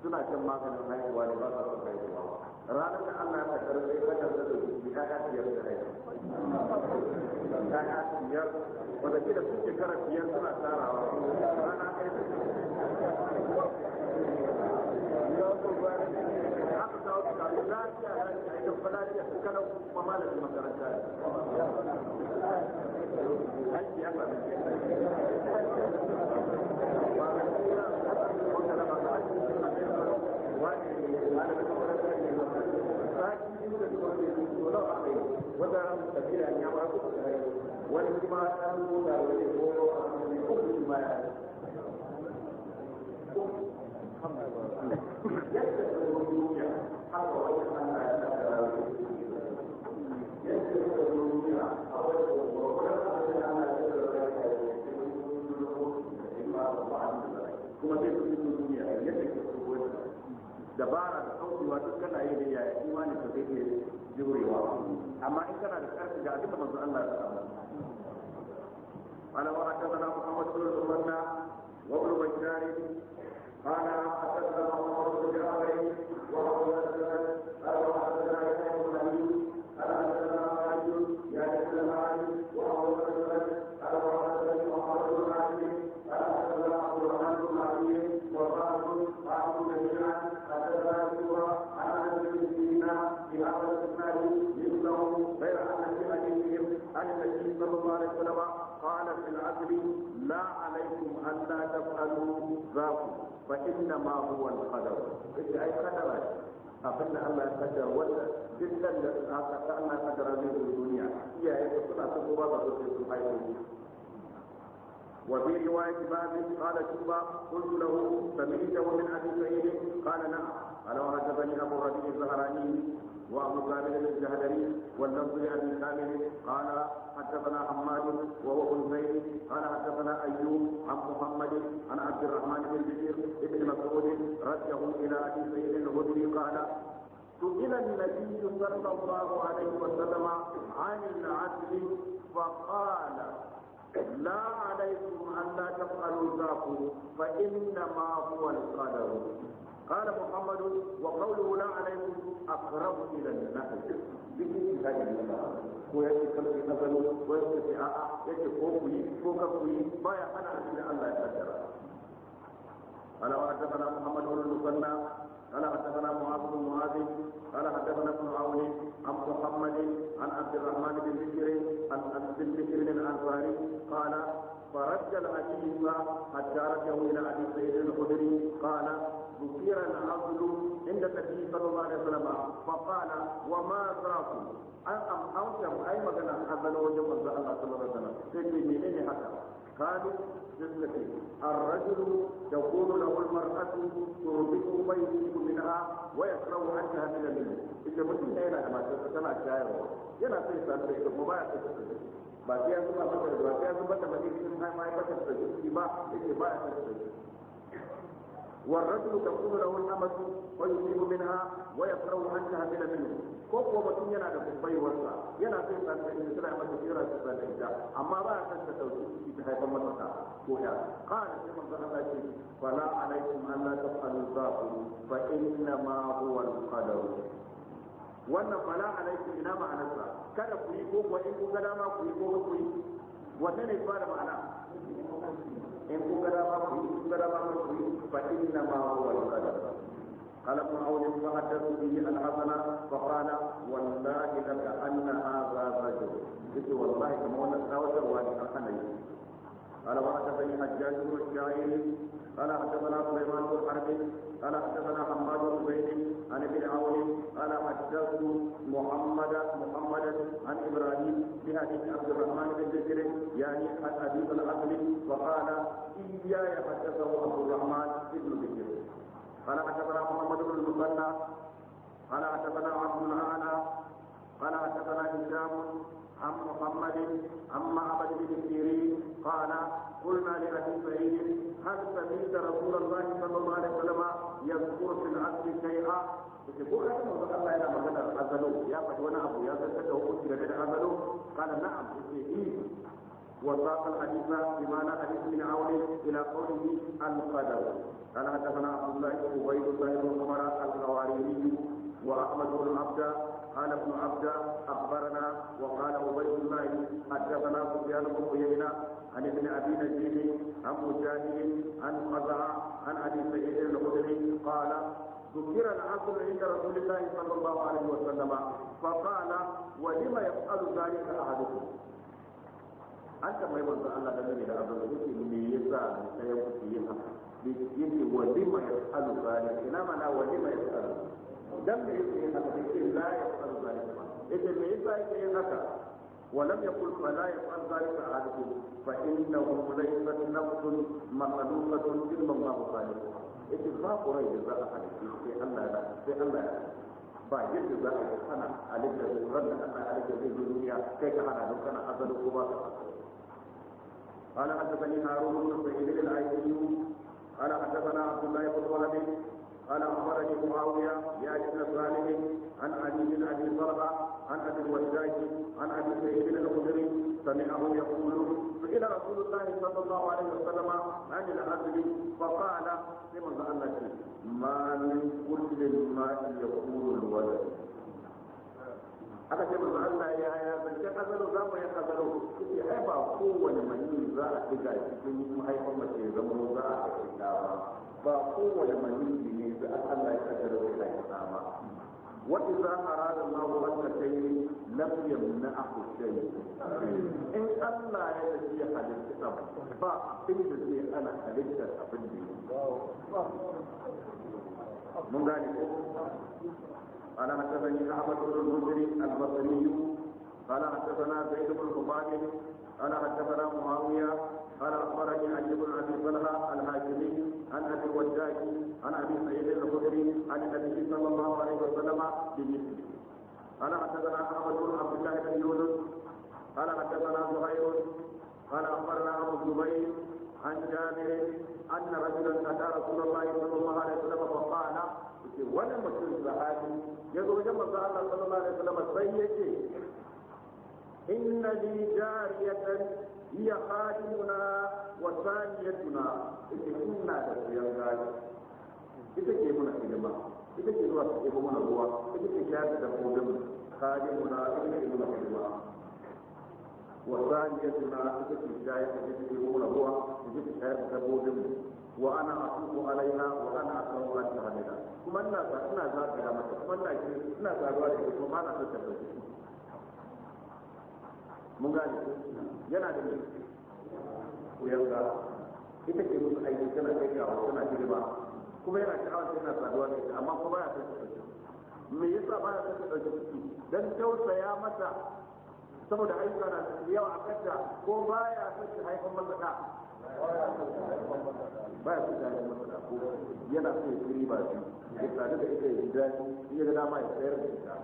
Speaker 1: suna shan maganin haihuwa ne ba sa son haihuwa ranar da Allah ya kaddara zai kaddara da su da haihuwa ke da su shekara biyar suna tarawa rana ɗaya وإما أنه لا يجب أن يكون ما
Speaker 2: kuma zai fi
Speaker 1: cikin duniya yadda ke fito dabara da kaucewa duk kana yi da yaya imani ka zai ke jurewa amma in kana da karfi ga abin da manzo Allah ya samu قال وحدثنا محمد بن المثنى وابن بشار قال حدثنا فإنما هو القدر إيش أي قدر أقل أما قدر ولا جدا أقل قدر من الدنيا هي أي سنة تقوى بسيطة حيث وفي رواية باب قال شوبا قلت له سمعت ومن أبي سعيد قال نعم قال وحدثني أبو ربيع الزهراني وابو طالب الجهدري واللفظ لابي كامل قال حدثنا حماد وهو الزين قال حدثنا ايوب عن محمد عن عبد الرحمن بن بشير بن مسعود رده الى ابي سعيد الخدري قال سئل النبي صلى الله عليه وسلم عن العدل فقال لا عليكم ان لا تفعلوا ذاكم فانما هو القدر Kana محمد وقوله لا عليهم اقرب الى النحل ko ya ce kalbi na gano ko ya ce a a ya ce ko ku ko ka ku yi ba ya hana a cikin Allah ya tattara. Ala wa hadda fana Muhammad wa Lulukanna, ala hadda fana Muhammad wa Muhammadin, ala hadda fana kuma Auni, an Muhammadin, an Abdurrahman bin Bikiri, an Abdul Bikiri bin na fahari kana farajjal Aziz ba, hadda rajahu ila Aziz Sayyidina Qudiri, kana ذكر العبد عند النبي صلى الله عليه وسلم فقال وما أدراكم أن أم أنتم أي مكان أذن وجه الله صلى الله عليه وسلم في منين هذا قالوا مثلتي الرجل يقول له المرأة تربط بيته منها ويكره أنها من المنزل إذا mutum yana da matarsa tana shayarwa yana son sa da ita ba ya son ta ba sai ya zuba mata da ba sai ya zuba ta ba ne cikin mai mai ta ta ba yake ba ya son ta والرجل تكون له الأمة ويصيب منها ويكره أن تهمل منه ko kuwa mutum yana da baiwarsa yana son sa ta yi sura mata jira ta sa ita amma ba ya san ta dauki shi ta haifar masa ta ko ya kana sai manzo Allah ce fala alaikum alla tafalu zakum fa inna ma huwa al-qadar wannan fala alaikum ina ma'anarsa kada ku yi ko kuwa in ku yi ko ku yi wannan ne fara ma'ana إن قدر مصري قدر مصري فإنما هو القدر قال ابن عون فحدث به الحسن فقال والله لكأن هذا الرجل قلت والله كما هو التوتر وانا قال وحدثني حجاج بن الشعير قال حدثنا سليمان بن حرب قال حدثنا حماد بن زيد عن ابن عون قال حدثت محمد محمدا عن ابراهيم بحديث عبد الرحمن بن بكر يعني عن ابي العقل وقال اياي حدثه عبد الرحمن بن بكر قال حدثنا محمد بن المثنى قال حدثنا عبد الاعلى قال حدثنا هشام عن محمد عن معبد بن سيرين قال قلنا لابي سعيد هل سمعت رسول الله صلى الله عليه وسلم يذكر في العبد شيئا يقول لك الله يا نعم. يا قال نعم إيه. وساق الحديث بمعنى حديث بن عون الى قوله القدر قال حدثنا عبد الله بن عبيد الله بن عمر الحواري واحمد بن عبد قال ابن عبد اخبرنا وقال عبيد الله حدثنا سفيان بن عيينه عن ابن ابي نجيب عن مجاهد عن قزعه عن ابي سعيد الخدري قال ذكر العقل عند رسول الله صلى الله عليه وسلم فقال ولم يفعل ذلك احدكم أنت ما يقول Allah dangane da abin da yake me yasa sai ya kuke yin haka yake wa lima yasalu zalika dan me yake yin haka yake la ya fa'al zalika ba ولم يقل فلا يفعل ذلك أحد فإنه ليست نفس مخلوقة إلا الله خالقها yake ba kurai da za a halitta sai Allah ya sai ba yadda za a hana halitta ran da Allah ya zai duniya kai ka hana don kana azali ko ba قال حدثني هارون بن سعيد الايوبي قال حدثنا عبد الله بن وهب قال اخبرني معاويه يا ابن صالح عن علي بن ابي طلحه عن ابي الوداع عن ابي سعيد الخدري سمعه يقول سئل رسول الله صلى الله عليه وسلم عن العدل فقال لمن الله ما من كل الماء يقول الولد aka ce manzo Allah ya ya zance kazaro za mu ya kazaro kuke ai ba kowane mani za a diga cikin mahaifin mace zama za a kai ba ba kowane maniyi ne da Allah ya kaddara zai aikata ba wa idza arada ma wanda kai lam yamna ahu shay in Allah ya yi ya halitta ba abin da zai ana halitta abin da mun gane ko قال حدثني احمد بن المنذر البصري قال حدثنا زيد بن قباد قال حدثنا معاويه قال اخبرني علي بن ابي طلحه الهاشمي عن ابي الوداج عن ابي سعيد الخدري عن النبي صلى الله عليه وسلم بمثله قال حدثنا احمد بن عبد الله بن يونس قال حدثنا زهير قال اخبرنا ابو الزبير عن جابر ان رجلا اتى رسول الله صلى الله عليه وسلم فقال وانا مسلم صحابي يقول لما الله صلى الله عليه وسلم سيدي ان لي جاريه هي خادمنا وثانيتنا إذا كنا تسويا غاية إذا كنا خدمة إذا كنا في غوا إذا كنا تسويا خادمنا إذا كنا خدمة وثانيتنا إذا كنا جاية إذا كنا غوا إذا كنا تسويا وانا اطوف عليها وانا اكره ان تهملها kuma ina ina zagaya mata kuma ina ina zagawa da ita kuma ba na so ta mun gane yana da mai kuyanga ita ke musu aiki tana kai kawo tana girma kuma yana ta sha'awar tana saduwa da ita amma kuma ya san me yasa ba ya san ta ɗauki ciki dan tausaya mata saboda ayyuka na yawa a kanta ko ba ya san ta haifan mallaka ba ya san ta haifan mallaka ko yana so ya kiri ba shi ya sadu da ita ya ji daɗi ya ga dama ya tsayar da ita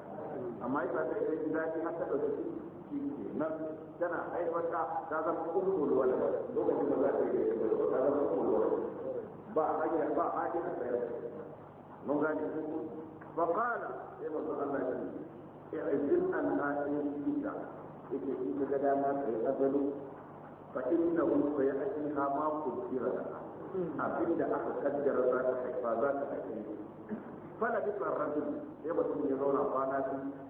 Speaker 1: amma ya sadu da ita ya ji daɗi har ta ɗauki ciki na tana haifar da ta zama ummul walad lokacin da za ta yi ta zama ummul walad ba hanya ba hanya a tsayar mun gane fa qala sai manzo Allah ya ce i'zin an ha'in kita yake in ka ga dama kai azalu fa innahu sayatiha ma kudira hmm. abinda aka kaddara za ta haifa za ta haifa fala bi sai mutum ya zauna kwana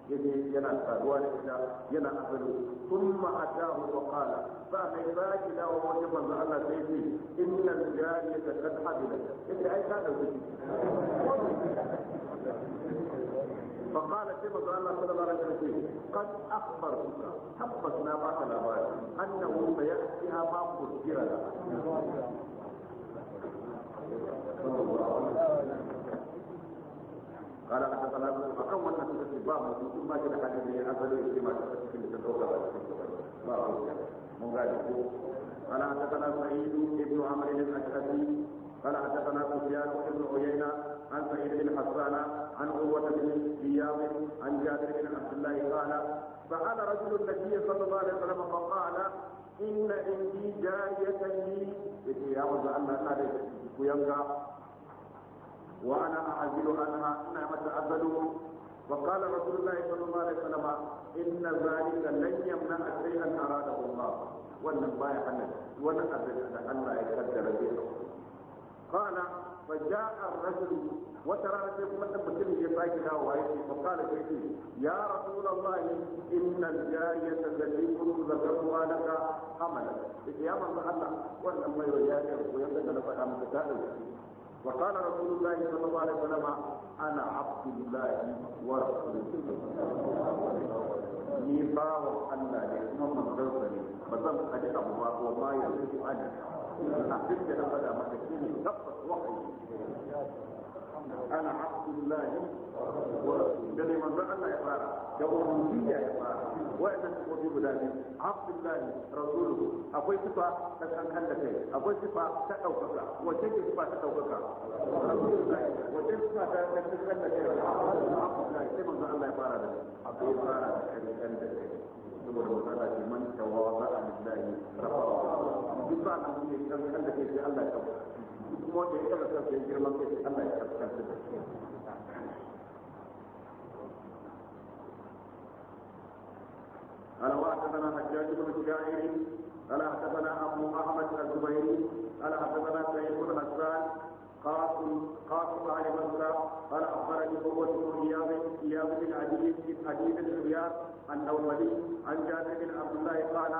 Speaker 1: biyu yana saduwa da ita yana azumi thumma atahu wa qala fa mai ki da wa wani manzo Allah sai ce qad yace ai ka dauki فقال كما قال الله صلى الله عليه وسلم قد اخبرتك ما الاباء انه سياتيها ما قدر لها ما mutum ba shi da hannun ne an zalo yake masu ta cikin da حدثنا سعيد بن عمرو الاشعري قال حدثنا سفيان بن عيينه عن سعيد بن حسان عن عروه بن زياد عن جابر بن عبد الله قال فعل رجل النبي صلى الله عليه وسلم فقال إن عندي جارية لي يتي إيه يا رب أن هذا يبقى وأنا أعزل عنها إنما تأذل وقال رسول الله صلى الله عليه وسلم ان ذلك لن يمنع شيئا اراده الله ولن باي hana ولن abin da Allah ya kaddara قال فجاء الرجل وترى كيف مثل مسلم يباكي له وعيشي فقال كيفي يا رسول الله ان الجاريه التي كنت ذكرتها لك حملت يا من الله ولن ما يجاكر ويبدا لك امر وقال رسول الله صلى الله عليه وسلم انا عبد الله ورسوله ni bawa Allah ne kuma manzansa ne ba zan kaji abu ba ko ma yanzu ana abin da na faɗa maka shine tabbas wahayi ana abdullahi da ne manzon Allah ya fara da ya fara sifofi guda ne abdullahi rasuluhu akwai sifa ta kankan da kai akwai sifa ta daukaka wace sifa ta daukaka wace sifa ta kankan da kai abdullahi sai Allah ya fara da fara da da kai saboda matsala man lillahi duk nan ne kankan da kai sai Allah ya kuma da ya kasa sai girman kai sai Allah ya kaskanta da shi قال وحدثنا حجاج بن شاعر قال حدثنا ابو احمد الزبيري قال حدثنا سعيد بن حسان قاسم قاسم علي بكر قال اخبرني قوة بن اياب اياب بن عدي بن عدي بن عياض النووي عن جابر بن عبد الله قال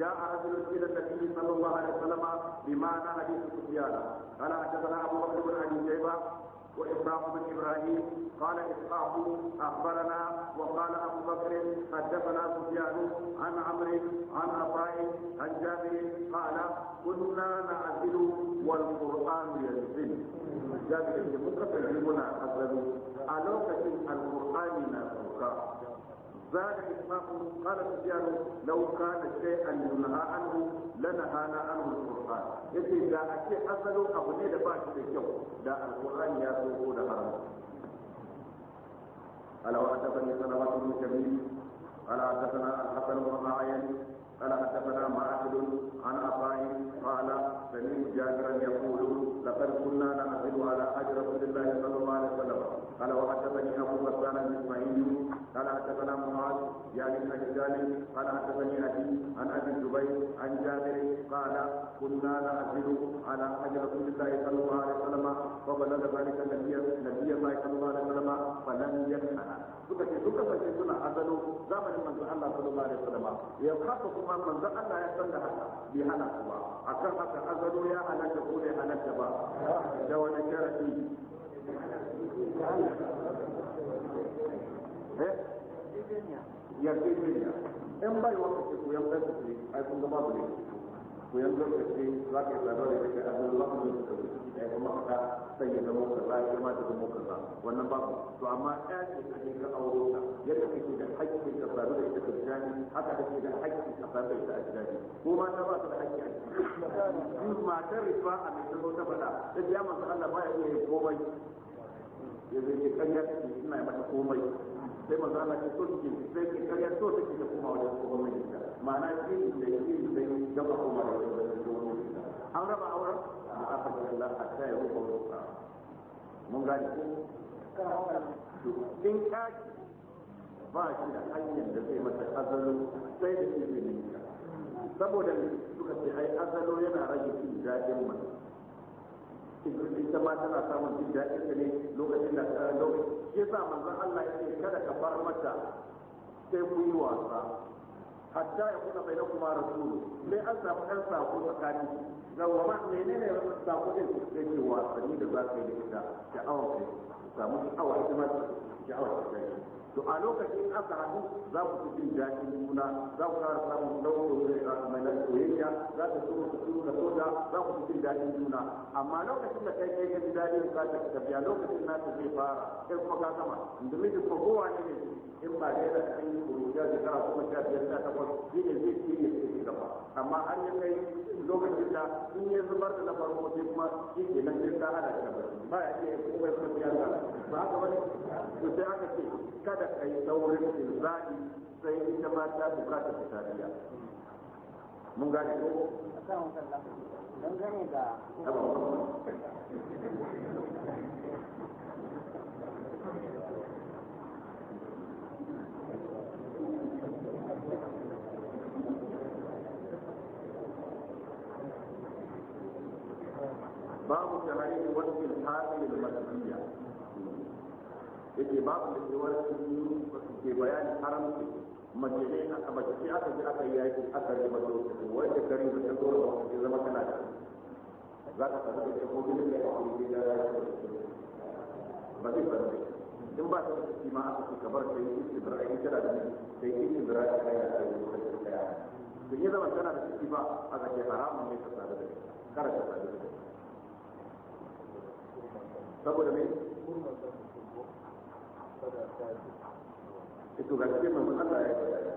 Speaker 1: جاء رجل الى النبي صلى الله عليه وسلم بمعنى حديث سفيان قال حدثنا ابو بكر بن ابي شيبه وإسحاق بن إبراهيم قال إسحاق أخبرنا وقال أبو بكر حدثنا سفيان عن عمرو عن عطاء عن جابر قال كنا نعزل والقرآن ينزل جابر بن مكة يجيبنا أزل ألوكة القرآن نازل Za a yi lauka kuma fara siyan nau'in da ta'adda ya na hana anunsa. Ya ce da ake asalon abu ne da ba su da kyau. Da al ya sun ko da haram. Kala a daban ɗin kala tun bai tafi ne kala a daban a hasaru ba a yanzu kala a daban a mara ke na fahimta a na sami biya ta da ta قال وحدثني ابو غسان الاسماعيلي قال حدثنا معاذ يعني ابن هشام قال حدثني ابي عن ابي الزبير عن جابر قال كنا نعزل على حج رسول الله صلى الله عليه وسلم فبلغ ذلك النبي النبي صلى الله عليه وسلم فلم يمنعنا suka ce duka fashe suna azalo zamanin manzon Allah sallallahu alaihi wasallam ya haka kuma manzon Allah ya san da haka bi hana kuma akan haka azalo ya halaka ko ne halaka ba da wani sharadi Hè? Yer si vinyan. En bay wakit se kuyen vensi tri, ay pou nga madri. Kuyen vensi tri, lak e vlamadri, eke anou lak moun kouz kouz. ya zama kaza sai ya zama kaza ya wannan to amma ka auro ta yadda kake da haƙƙin ka faru da ita haka kake da haƙƙin ka faru da ita a ji ko ma ta ba ta da haƙƙi a ciki matar rifa a mai ta faɗa ya Allah ba ya iya yin komai ya zai ke ina mata komai sai manzo Allah ke so sai ke so da kuma wajen mai ma'ana shi da shi da kuma da an raba auren mu'akhadha Allah hatta ya rufa ba, mun gane ko in kaki ba shi da hanyar da zai mata azalo sai da izinin saboda suka ce ai azalo yana rage jin daɗin mutum ta ma tana samun jin daɗin ta ne lokacin da ta lokaci ya sa manzon Allah ya ce kada ka bar mata sai ku yi wasa hatta ya kuna bai da kuma rasulu me an samu ɗan sako tsakani da wa ma menene sako ne da ke wasanni da za ka yi da ita sha'awar kai samu awa ita ma sha'awar kai to a lokacin aka samu za ku fi jin daɗin juna za ku fara samun ɗaukar mai na soyayya za ku so ku so da soda za ku fi jin daɗin juna amma lokacin da kai kai ka ji daɗin ka tafiya lokacin na ta zai fara kai kuma ka gama domin ko kowa ne ne in ba da yana cikin kuruciya shekara kuma sha biyar sha takwas shi ne zai ci ne su ke gaba amma an yi kai lokacin da in ya zubar da na farko sai kuma shi ke nan sai ta ba ya ce aka ce kada ka yi saurin sai ita ma ta bukata babu tarihi wasu hasil masariya yake babu da ke wani ke bayanin haramci mace ne aka mace aka ji aka yi yaki aka yi mace wanda gari da ta dora wata ke zama kana da za ka samu da ko da ya kuri da ya yi ba zai in ba ta da ma aka ta yi in tana da ta yi ta da ta kaya ya zama tana da ba a ce haramun mai da ka saboda mai ito ga cikin manzon Allah ya faɗa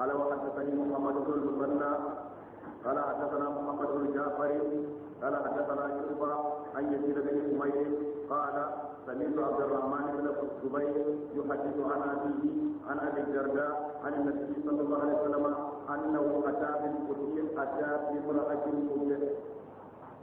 Speaker 1: قال وحدثني محمد بن المثنى قال حدثنا محمد بن جعفر قال حدثنا شعبة عن يزيد بن حمير قال سمعت عبد الرحمن بن الزبير يحدث عن أبيه عن أبي الدرداء عن النبي صلى الله عليه وسلم أنه أتى بالقدس أتى بامرأة قدس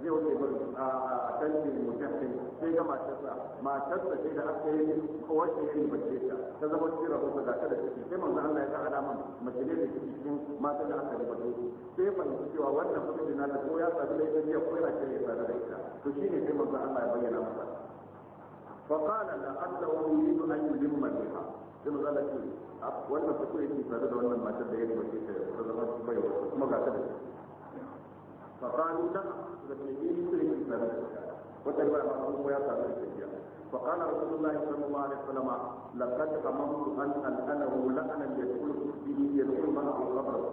Speaker 1: zai wuce gudu a tantin mutum sai ga matarsa matarsa sai da aka yi kowace iri mace ta ta zama cikin rahoto ga da ciki sai manzo Allah ya ga alaman mace ne da cikin mata da aka rubuta sai fahimci cewa wannan mutum na da ko ya da ita jiya ko yana ya sadu da ita to ne sai manzo Allah ya bayyana masa فقال لعله يريد ان يلم بها sai mu zala ce ah, wannan ta kuma yake tare da wannan matar da ya rubuce ta zama baiwa kuma ga ta da faqalu وسلم يجري في ذلك فقال رسول الله صلى الله عليه وسلم لقد امرت ان الانه لعنا يدخل به يدخل معه القبر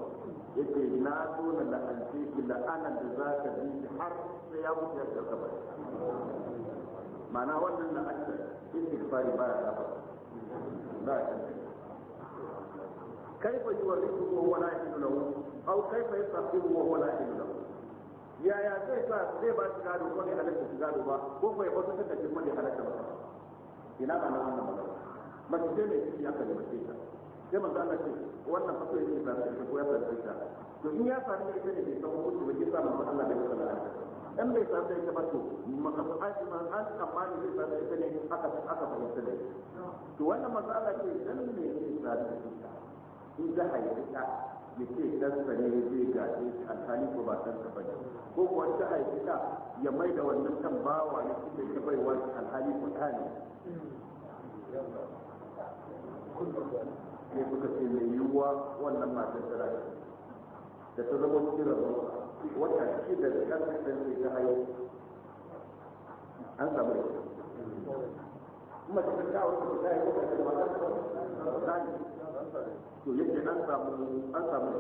Speaker 1: yace na so na la'ance ki la'anar da za ka bi shi har sai ya mutu ya karka bai ma'ana wannan la'antar istighfari ba ya ba za a kaifa yuwarriku wa la la yaya zai sa zai ba shi gado ko bai halatta shi gado ba ko kuma ya wasu takardun kuma bai halatta ba ina ba na wannan magana mace ce mai ciki aka limace ta sai manzo Allah ce wannan fato yake da shi ko ya sarrafa ta to in ya sami ita ne bai san hukunci ba sa manzo Allah bai sarrafa ta in bai sami ita ba to makasu aji man an tsammani zai sami ita ne aka aka fahimta to wannan manzo Allah ce dan ne zai sami ita in da yi ta ya ce ɗansa ne zai gaje shi alhali ko ba ɗansa ba ne ko kuwa ta haifi ya mai da wannan kan bawa ne shi da ya bai wa alhali ko ta ne ne kuka ce mai yiwuwa wannan ta tara da ta zama cikin rabuwa wata shi da ƙarfin da ke ta haihu an samu da ita. Mace ta kawo ta ta haihu da matar ta to yake an samu an samu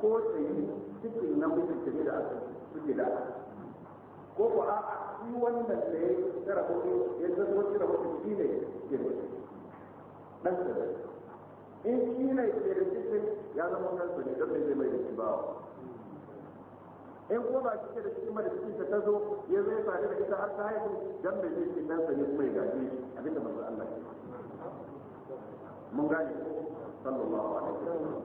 Speaker 1: ko yi cikin na mutum tafi da suke da ko ko a shi wannan da ya tsara kuɗi ya zama cire mutum shi ne ke da ɗan sa in shi ne ke da cikin ya zama kansa ne don zai mai da shi ba in ko ba shi da cikin mara cikin ta zo ya zai sadu da ita har ta haihu don mai cikin ɗansa ne kuma ya gaji abinda manzo Allah ya mun gane sallallahu alaihi wasallam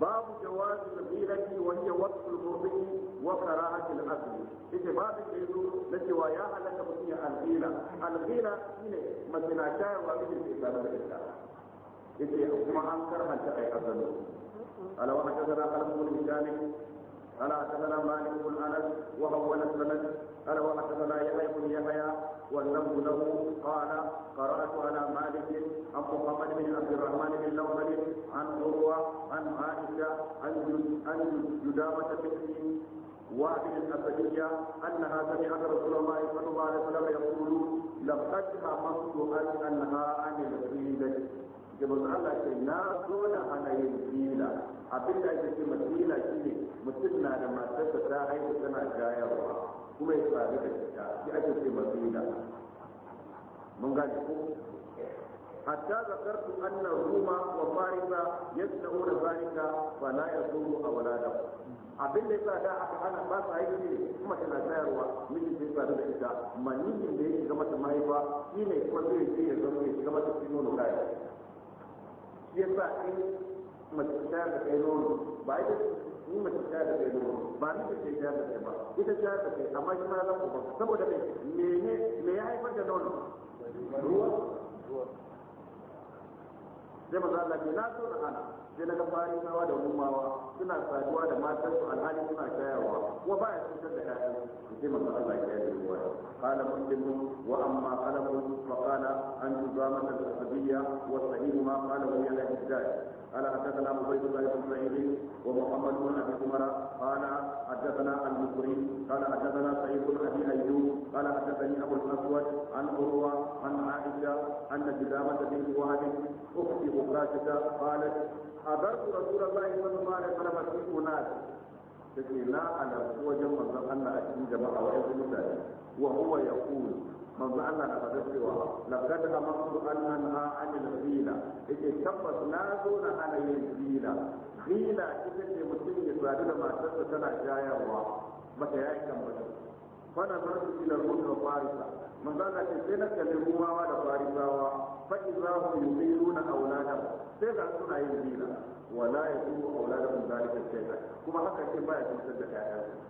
Speaker 1: babu jawaz al-ghilati wa hiya waqf wa karahat al-azl ita babu da yazo na cewa ya halaka mutum ya al-ghila al-ghila shine mazinata wa bijin ibada da ita yace kuma an karhanta kai azalu alawa hadathana qalbun bidani قال حدثنا مالك بن انس وهو السند قال وحدثنا يحيى بن يحيى والنبو له قال قرات على مالك عن محمد بن عبد الرحمن بن لوهل عن عروه عن عائشه عن عن جدامه بنت وابن الاسديه انها سمعت رسول الله صلى الله عليه وسلم يقول لقد هممت ان انهى عن الحيلة. يقول الله لا دون على الحيلة. abin da ake ce matsila shi ne mutum na da matarsa ta haihu tana gayarwa kuma ya sami da cika shi ake ce matsila mun gani ko حتى ذكرت أن الروم وفارس يصنعون ذلك فلا يضر A abin da yasa da aka hana ba sa haihu ne kuma tana gayarwa mijin da sami da ita manijin da ya shiga mata mahaifa shi ne kuma zai ce ya zama ya shiga mata cikin nono kaya shi yasa in mace ta da kai nono ba ita ni mace ta da kai nono ba ni da ke ta da kai ba ita ta da kai amma shi ma za ku ba saboda me ne me ya haifar da nono ruwa sai maza Allah ke na so na ana sai na ga farisawa da rumawa suna saduwa da matan su alhali suna shayarwa kuma ba ya cutar da kayan sai maza Allah ke yi ruwa qala muslimun wa amma qalbun fa qala an tuzamata al-asabiyya wa sahih قال حدثنا عبيد الله بن سعيد ومحمد بن ابي عمر قال حدثنا مصري قال حدثنا سعيد بن ابي ايوب قال حدثني ابو الاسود عن عروه عن عائشه ان جزامه بنت وهب اختي مقاتله قالت حضرت رسول الله صلى الله عليه وسلم في اناس تقول لا انا وجه من الله اكيد جماعه وعز وهو يقول manzo Allah na faɗa cewa laqad amartu an ha anil ghila yake tabbas na zo na hana yin ghila ghila ita ce mutum ya sadu da matarsa tana jayarwa Mata yayi kan mutum fa nazartu ila ruwa farisa manzo Allah ce sai na kalli ruwawa da farisawa fa idza hum yuziruna awladahum sai ga suna yin ghila wala yadu awladahum zalika shay'an kuma haka ce baya cutar da ƴaƴansu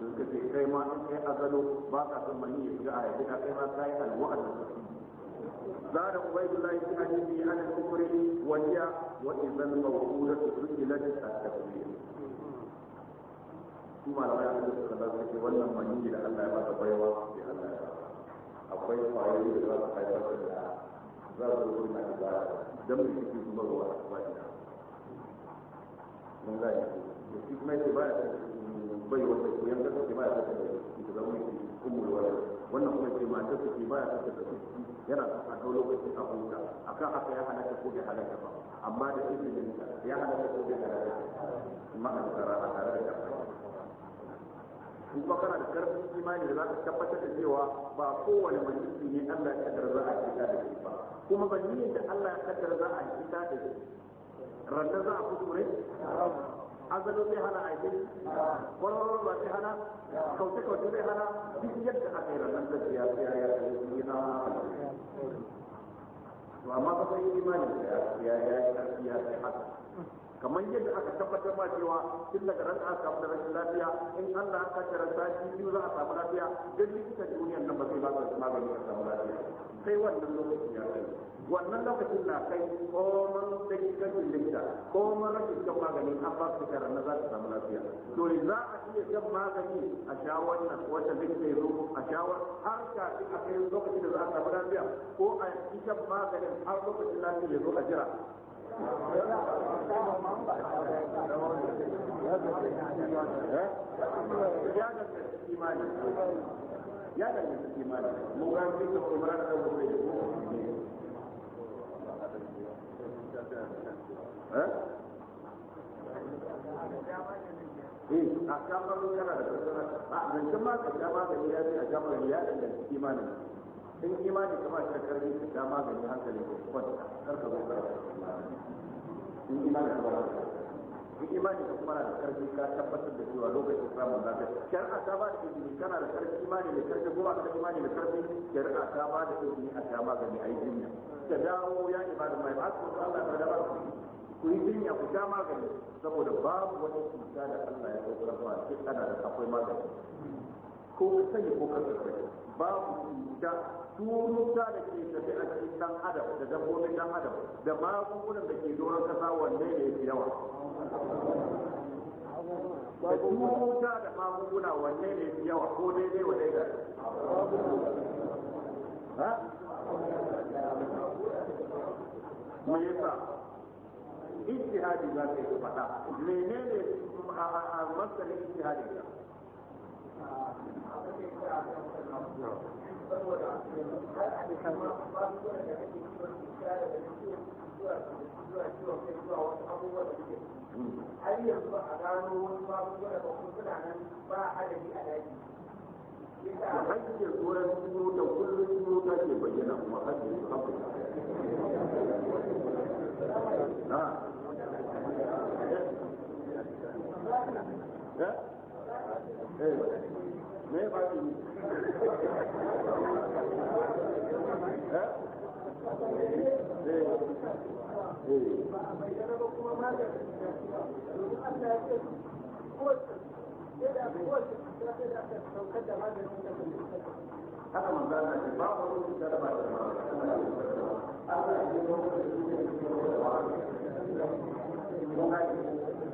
Speaker 1: sun ka ce kai ma a gado ba ka san mani ya shiga a yaki da kai ma ka yi alwa'ar da suke zara kuma yi layi a jini a da kukuri wajiya wa izan ba wa kuma su su ila da ta ta kuri su ma lamar yadda da allah ya ba ta baiwa da allah ya ba akwai kwayoyi da za da za da zara don mai suke zubarwa a kuma ina mun za da shi kuma ba ya san su bai wata ku yan ke baya kasa da shi ta zama shi kummul wala wannan kuma ce matar su ke baya kasa da shi yana kasa kawai lokaci a huta akan haka ya halaka ko bai halaka ba amma da izinin ya halaka ko bai halaka ma'an tsara a tare da kafa in ba kana da karfin imani da za ka tabbatar da cewa ba kowane majalisi ne Allah ya kaddara za a kita da shi ba kuma ba ne da Allah ya kaddara za a kita da shi rannan za a kuskure azalo zai hana a gani warwarwar ba hana kauce hana duk yadda aka yi ranar da ya ya ya yi na to amma ba sai imani ya ya haka kamar yadda aka tabbatar ma cewa tun daga ran aka samu rashin lafiya in Allah aka tara sati biyu za a samu lafiya duk likitan duniyar nan ba zai ba su magani a samu lafiya sai wannan lokacin ya kai wannan lokacin na kai koman dakikancin likita koman rashin shan magani an ba su kira na za su samu lafiya to za a iya jan magani a sha wannan wata likita ya zo a sha har kafin a kai lokacin da za a samu lafiya ko a yi jan maganin har lokacin lafiya ya zo a jira ya da ne imani mu ga shi ko kuma ran da eh eh a kan ba kana da tsara a nan kuma ka ba ya da in imani ka shi da karfi hankali ko kwanta zo ka da shi da karfi ka tabbatar da cewa lokacin samun zaka a ta ba da izini kana da karfi imani da karfi ka imani da karfi a ta ba da izini a sha magani a yi jinya ka dawo ya mai ba su Allah da ba ku yi jinya ku sha magani saboda babu wani cuta da Allah ya ɗaukar ba sai da akwai magani ko ko ka babu cuta turuta da ke tafi a cikin dan adam da dabbobin dan adam da magungunan da ke doron kasa wanne ne ya fi yawa da turuta da magunguna wanne ne ya fi yawa ko daidai wa daidai ha me yasa ijtihadi za ka yi faɗa menene a masarin ijtihadin ka a gano da hajjiyar tsoron da kullum ta ke bayyana kuma hajjiyar kafin na eh? me ba ki haka manzo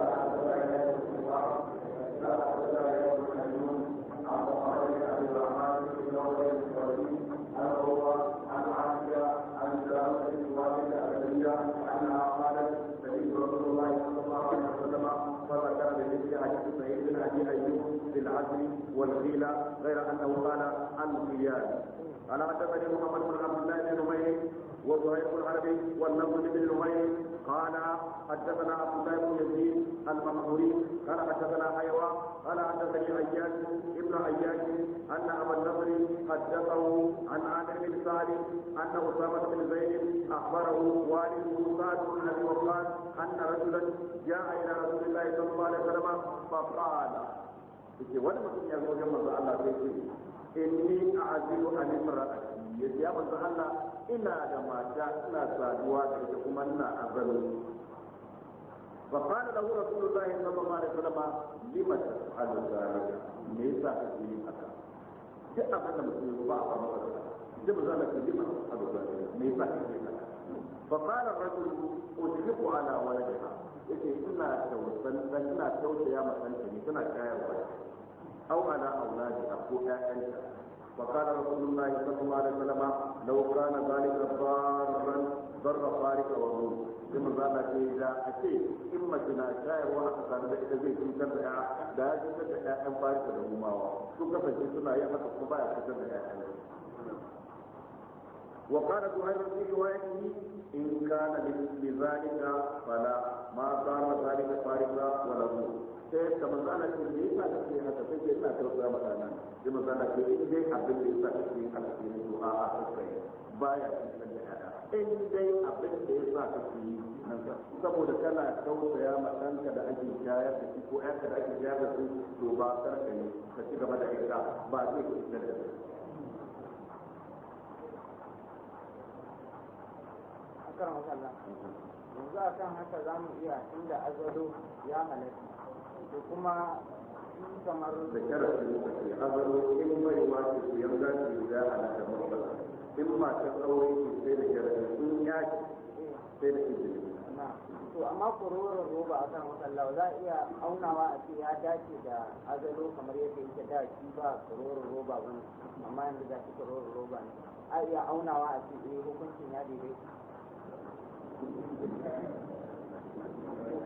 Speaker 2: الله عليه وسلم قال: "لا أحد لا يؤمن أن يؤمن أعظم
Speaker 1: العدل والغيلة غير أنه قال القياد قال حدثني محمد بن عبد الله بن نمير وزهير بن عربي والنضر بن نمير قال حدثنا عبد الله بن يزيد المنصوري قال حدثنا حيوى قال حدثني عياش ابن عياش ان ابا النضر حدثه عن عامر بن سعد ان اسامه بن زيد اخبره والده سعد بن ابي وقاص ان رجلا جاء الى رسول الله صلى الله عليه وسلم فقال yake wani mutum ya zo wajen manzo Allah sai ce inni a'zilu an imra'ati yace ya manzo Allah ina da mata ina saduwa da ita kuma ina azalu فقال me yasa kake yin haka duk abin da mutum ذلك ليس في أكا جاء هذا مسلم بعض مرة جاء ذلك لم تفعل ذلك ليس في أكا فقال الرجل أشفق على ولدها yake ina tausan ina tausaya ma ne tana shayarwa أو على أولادها فؤاء وقال رسول الله صلى الله عليه وسلم لو كان ذلك ضارا ضر فارق وغنوم لما قال في إذا أتيت إما تنا شاعر وأخذ إذا زي تنتبع لا تنتبع أن فارق وغنوم شو يا كفى جسنا يا الصبايا تنتبع وقال زهير في روايته إن كان بذلك فلا ما كان ذلك فارق ولا ta yadda manzo Allah ce me yasa kake haka kake ina tausaya ma dana sai manzo Allah ce in dai abin da yasa kake haka kake to a a sai baya cikin da yaya in dai abin da yasa kake yi kanka saboda kana tausaya ma danka da ake jayar da shi ko da ake jayar da su to ba sarka ne ka ci gaba da ita ba zai kusa da karan a kan haka za mu iya inda azado ya halatta ko kuma kamar da sharafin da ke hazaro in bai wace su yan gashi da ya halatta mutlaka in matan aure ce sai da sharafin sun yaki sai da izini to amma kurorin roba a kan masallawa za a iya aunawa a ce ya dace da azalo kamar yadda yake da shi ba kurorin roba ba ne amma yanzu za shi kurorin roba ne a iya aunawa a ce eh hukuncin ya daidai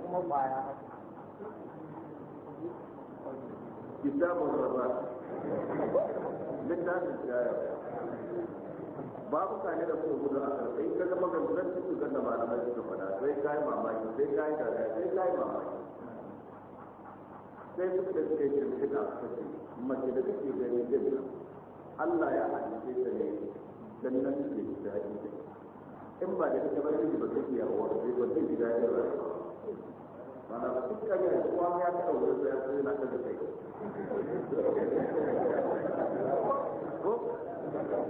Speaker 1: kuma kwaya haka kitabun raba littafin shayar babu kane da kuma gudu a karfe ka ga magantunan su su ganda malamai suka fada sai kayi mamaki sai kayi dariya sai kayi mamaki sai suka ce shirkina suka ce mace da kake gani dinna Allah ya halice ta ne dan nan ne da daɗi in ba da kake ba ne ba kake yawo ba zai ji daɗi ba mana dukkan ya yi kuma ya ta wurin sa ya tsaye na kada kai ko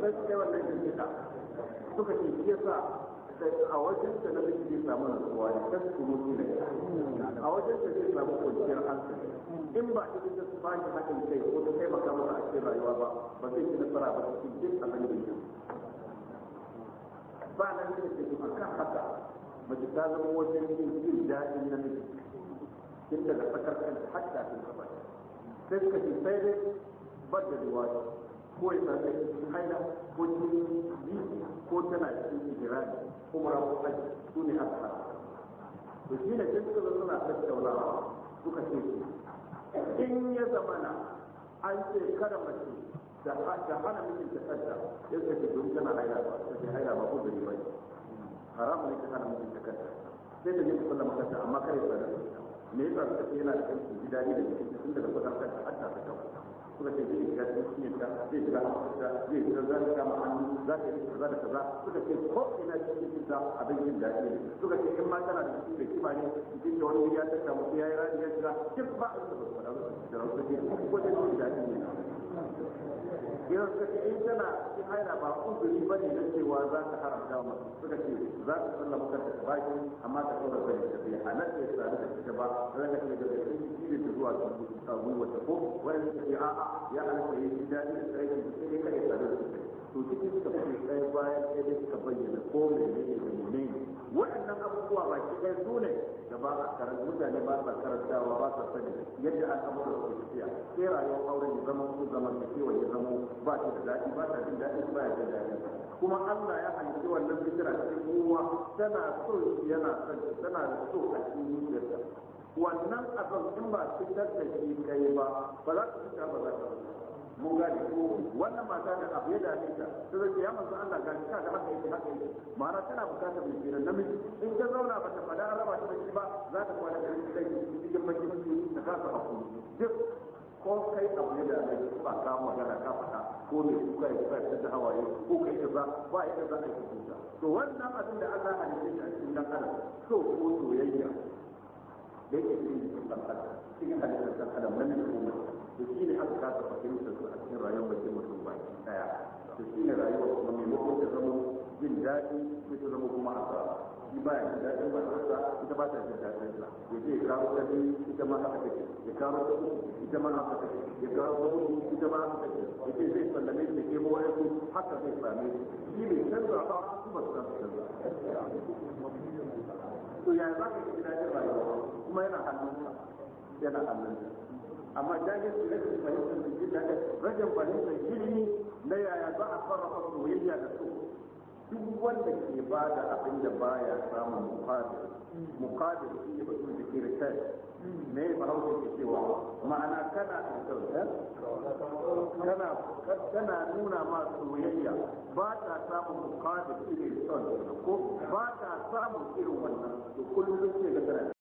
Speaker 1: sai su kai wannan shi kita suka ce shi yasa a wajen ta na miji zai samu nutsuwa ne ta su mutu ne a wajen ta zai samu kwanciyar hankali in ba ita ta su bani hakan kai ko ta taimaka masa a cikin rayuwa ba ba zai ci nasara ba cikin duk a da ya ba nan da ke akan haka mace ta zama wajen yin jin daɗin namiji tun daga fatar kan har kafin kafa sai suka ce sai dai bar da duwatsu ko ya sami cikin haila ko cikin biyu ko tana cikin jirani ko mara ko aji su ne aka fara to shi ne sai suka suna tattaunawa suka ce in ya zamana an ce kada mace da hana mijin ta kanta ya suka ce don tana haila ba ta ce haila ba ko gari ba haram ne ta hana mijin ta kanta sai da ne ta sallama kanta amma kare ta da me yasa suka ce yana da kan su ji da jikin tun daga kwata ta hatta ta kawo suka ce zai shiga cikin cinyar ta zai shiga hafarta zai shiga za ta kama da kaza suka ce ina cikin cikin ta abin daɗi ne suka ce in ma da cikin da kima ne cikin da wani ya yi rani ya shiga da ba idan suka ce in tana cikin haila ba uzuri ba ne na cewa za ta haramta wa suka ce za ta tsalla maka da baki amma ta tsora ba yi tafiya a nan sai sami da ita ba za ka ce daga cikin cikin ta zuwa cikin wata ko wani suka ce a'a ya halatta yi daɗi da tsarki sai dai kare sami da to cikin suka fi ɗaya bayan ɗaya suka bayyana ko mene ne da mene ne waɗannan abubuwa ba shi ɗaya su ne da ba a karanta mutane ba sa karantawa ba sa sani yadda aka mura su tafiya sai rayuwar aure ya zama su zama da ke wani zama ba shi da daɗi ba ta jin daɗi ba ya jin daɗi kuma Allah ya halitta wannan fitira cikin kowa tana so yana son tana so a cikin wannan abin in ba fitar da shi kai ba ba za ka fita ba za ka fita mu gane ko wannan mata da abu ya dame ta ta zai ya manzo Allah ga ka ga haka yake haka yake ma'ana tana bukatar mai kira namiji in ka zauna ba ta fada an raba ta da shi ba za ta kwana da shi dai cikin da su ta kasa hakuri duk ko kai abu ya dame ka ba ka magana ka fada ko mai kuka ya kuka da hawaye ko kai da ba ba yadda za a yi kuka to wannan abin da Allah halitta a cikin dan adam so ko soyayya da yake cikin dan adam cikin halittar dan adam nan ne ko to shi ne aka kasa fahimta su a cikin rayuwar bakin mutum baki daya to shi ne rayuwar kuma maimakon ta zama jin daɗi sai ta zama kuma asara shi ba ya jin daɗin ba sa ita ba ta jin daɗin sa ya je ya kawo ta biyu ita ma haka take ya kawo ta uku ita ma haka take ya kawo ta uku ita ma haka take ya ce zai sallame shi ke mawa yanzu haka zai same shi shi ne canza ba su ba su canza to yaya za ka ji daɗin rayuwa kuma yana hannunsa yana hannunsa amma dajin su rashin fahimtar su ji daɗin rashin fahimtar ilimi na yaya za a sarrafa soyayya da su. duk wanda ke ba da abin da ba ya samun mukadir mukabil shi ne batun da ke rikai me ba hausa ke cewa ma'ana kana eh? kana kana nuna ma soyayya ba ta samun mukadir irin son ko ba ta samun irin wannan to kullum sai ga
Speaker 2: kana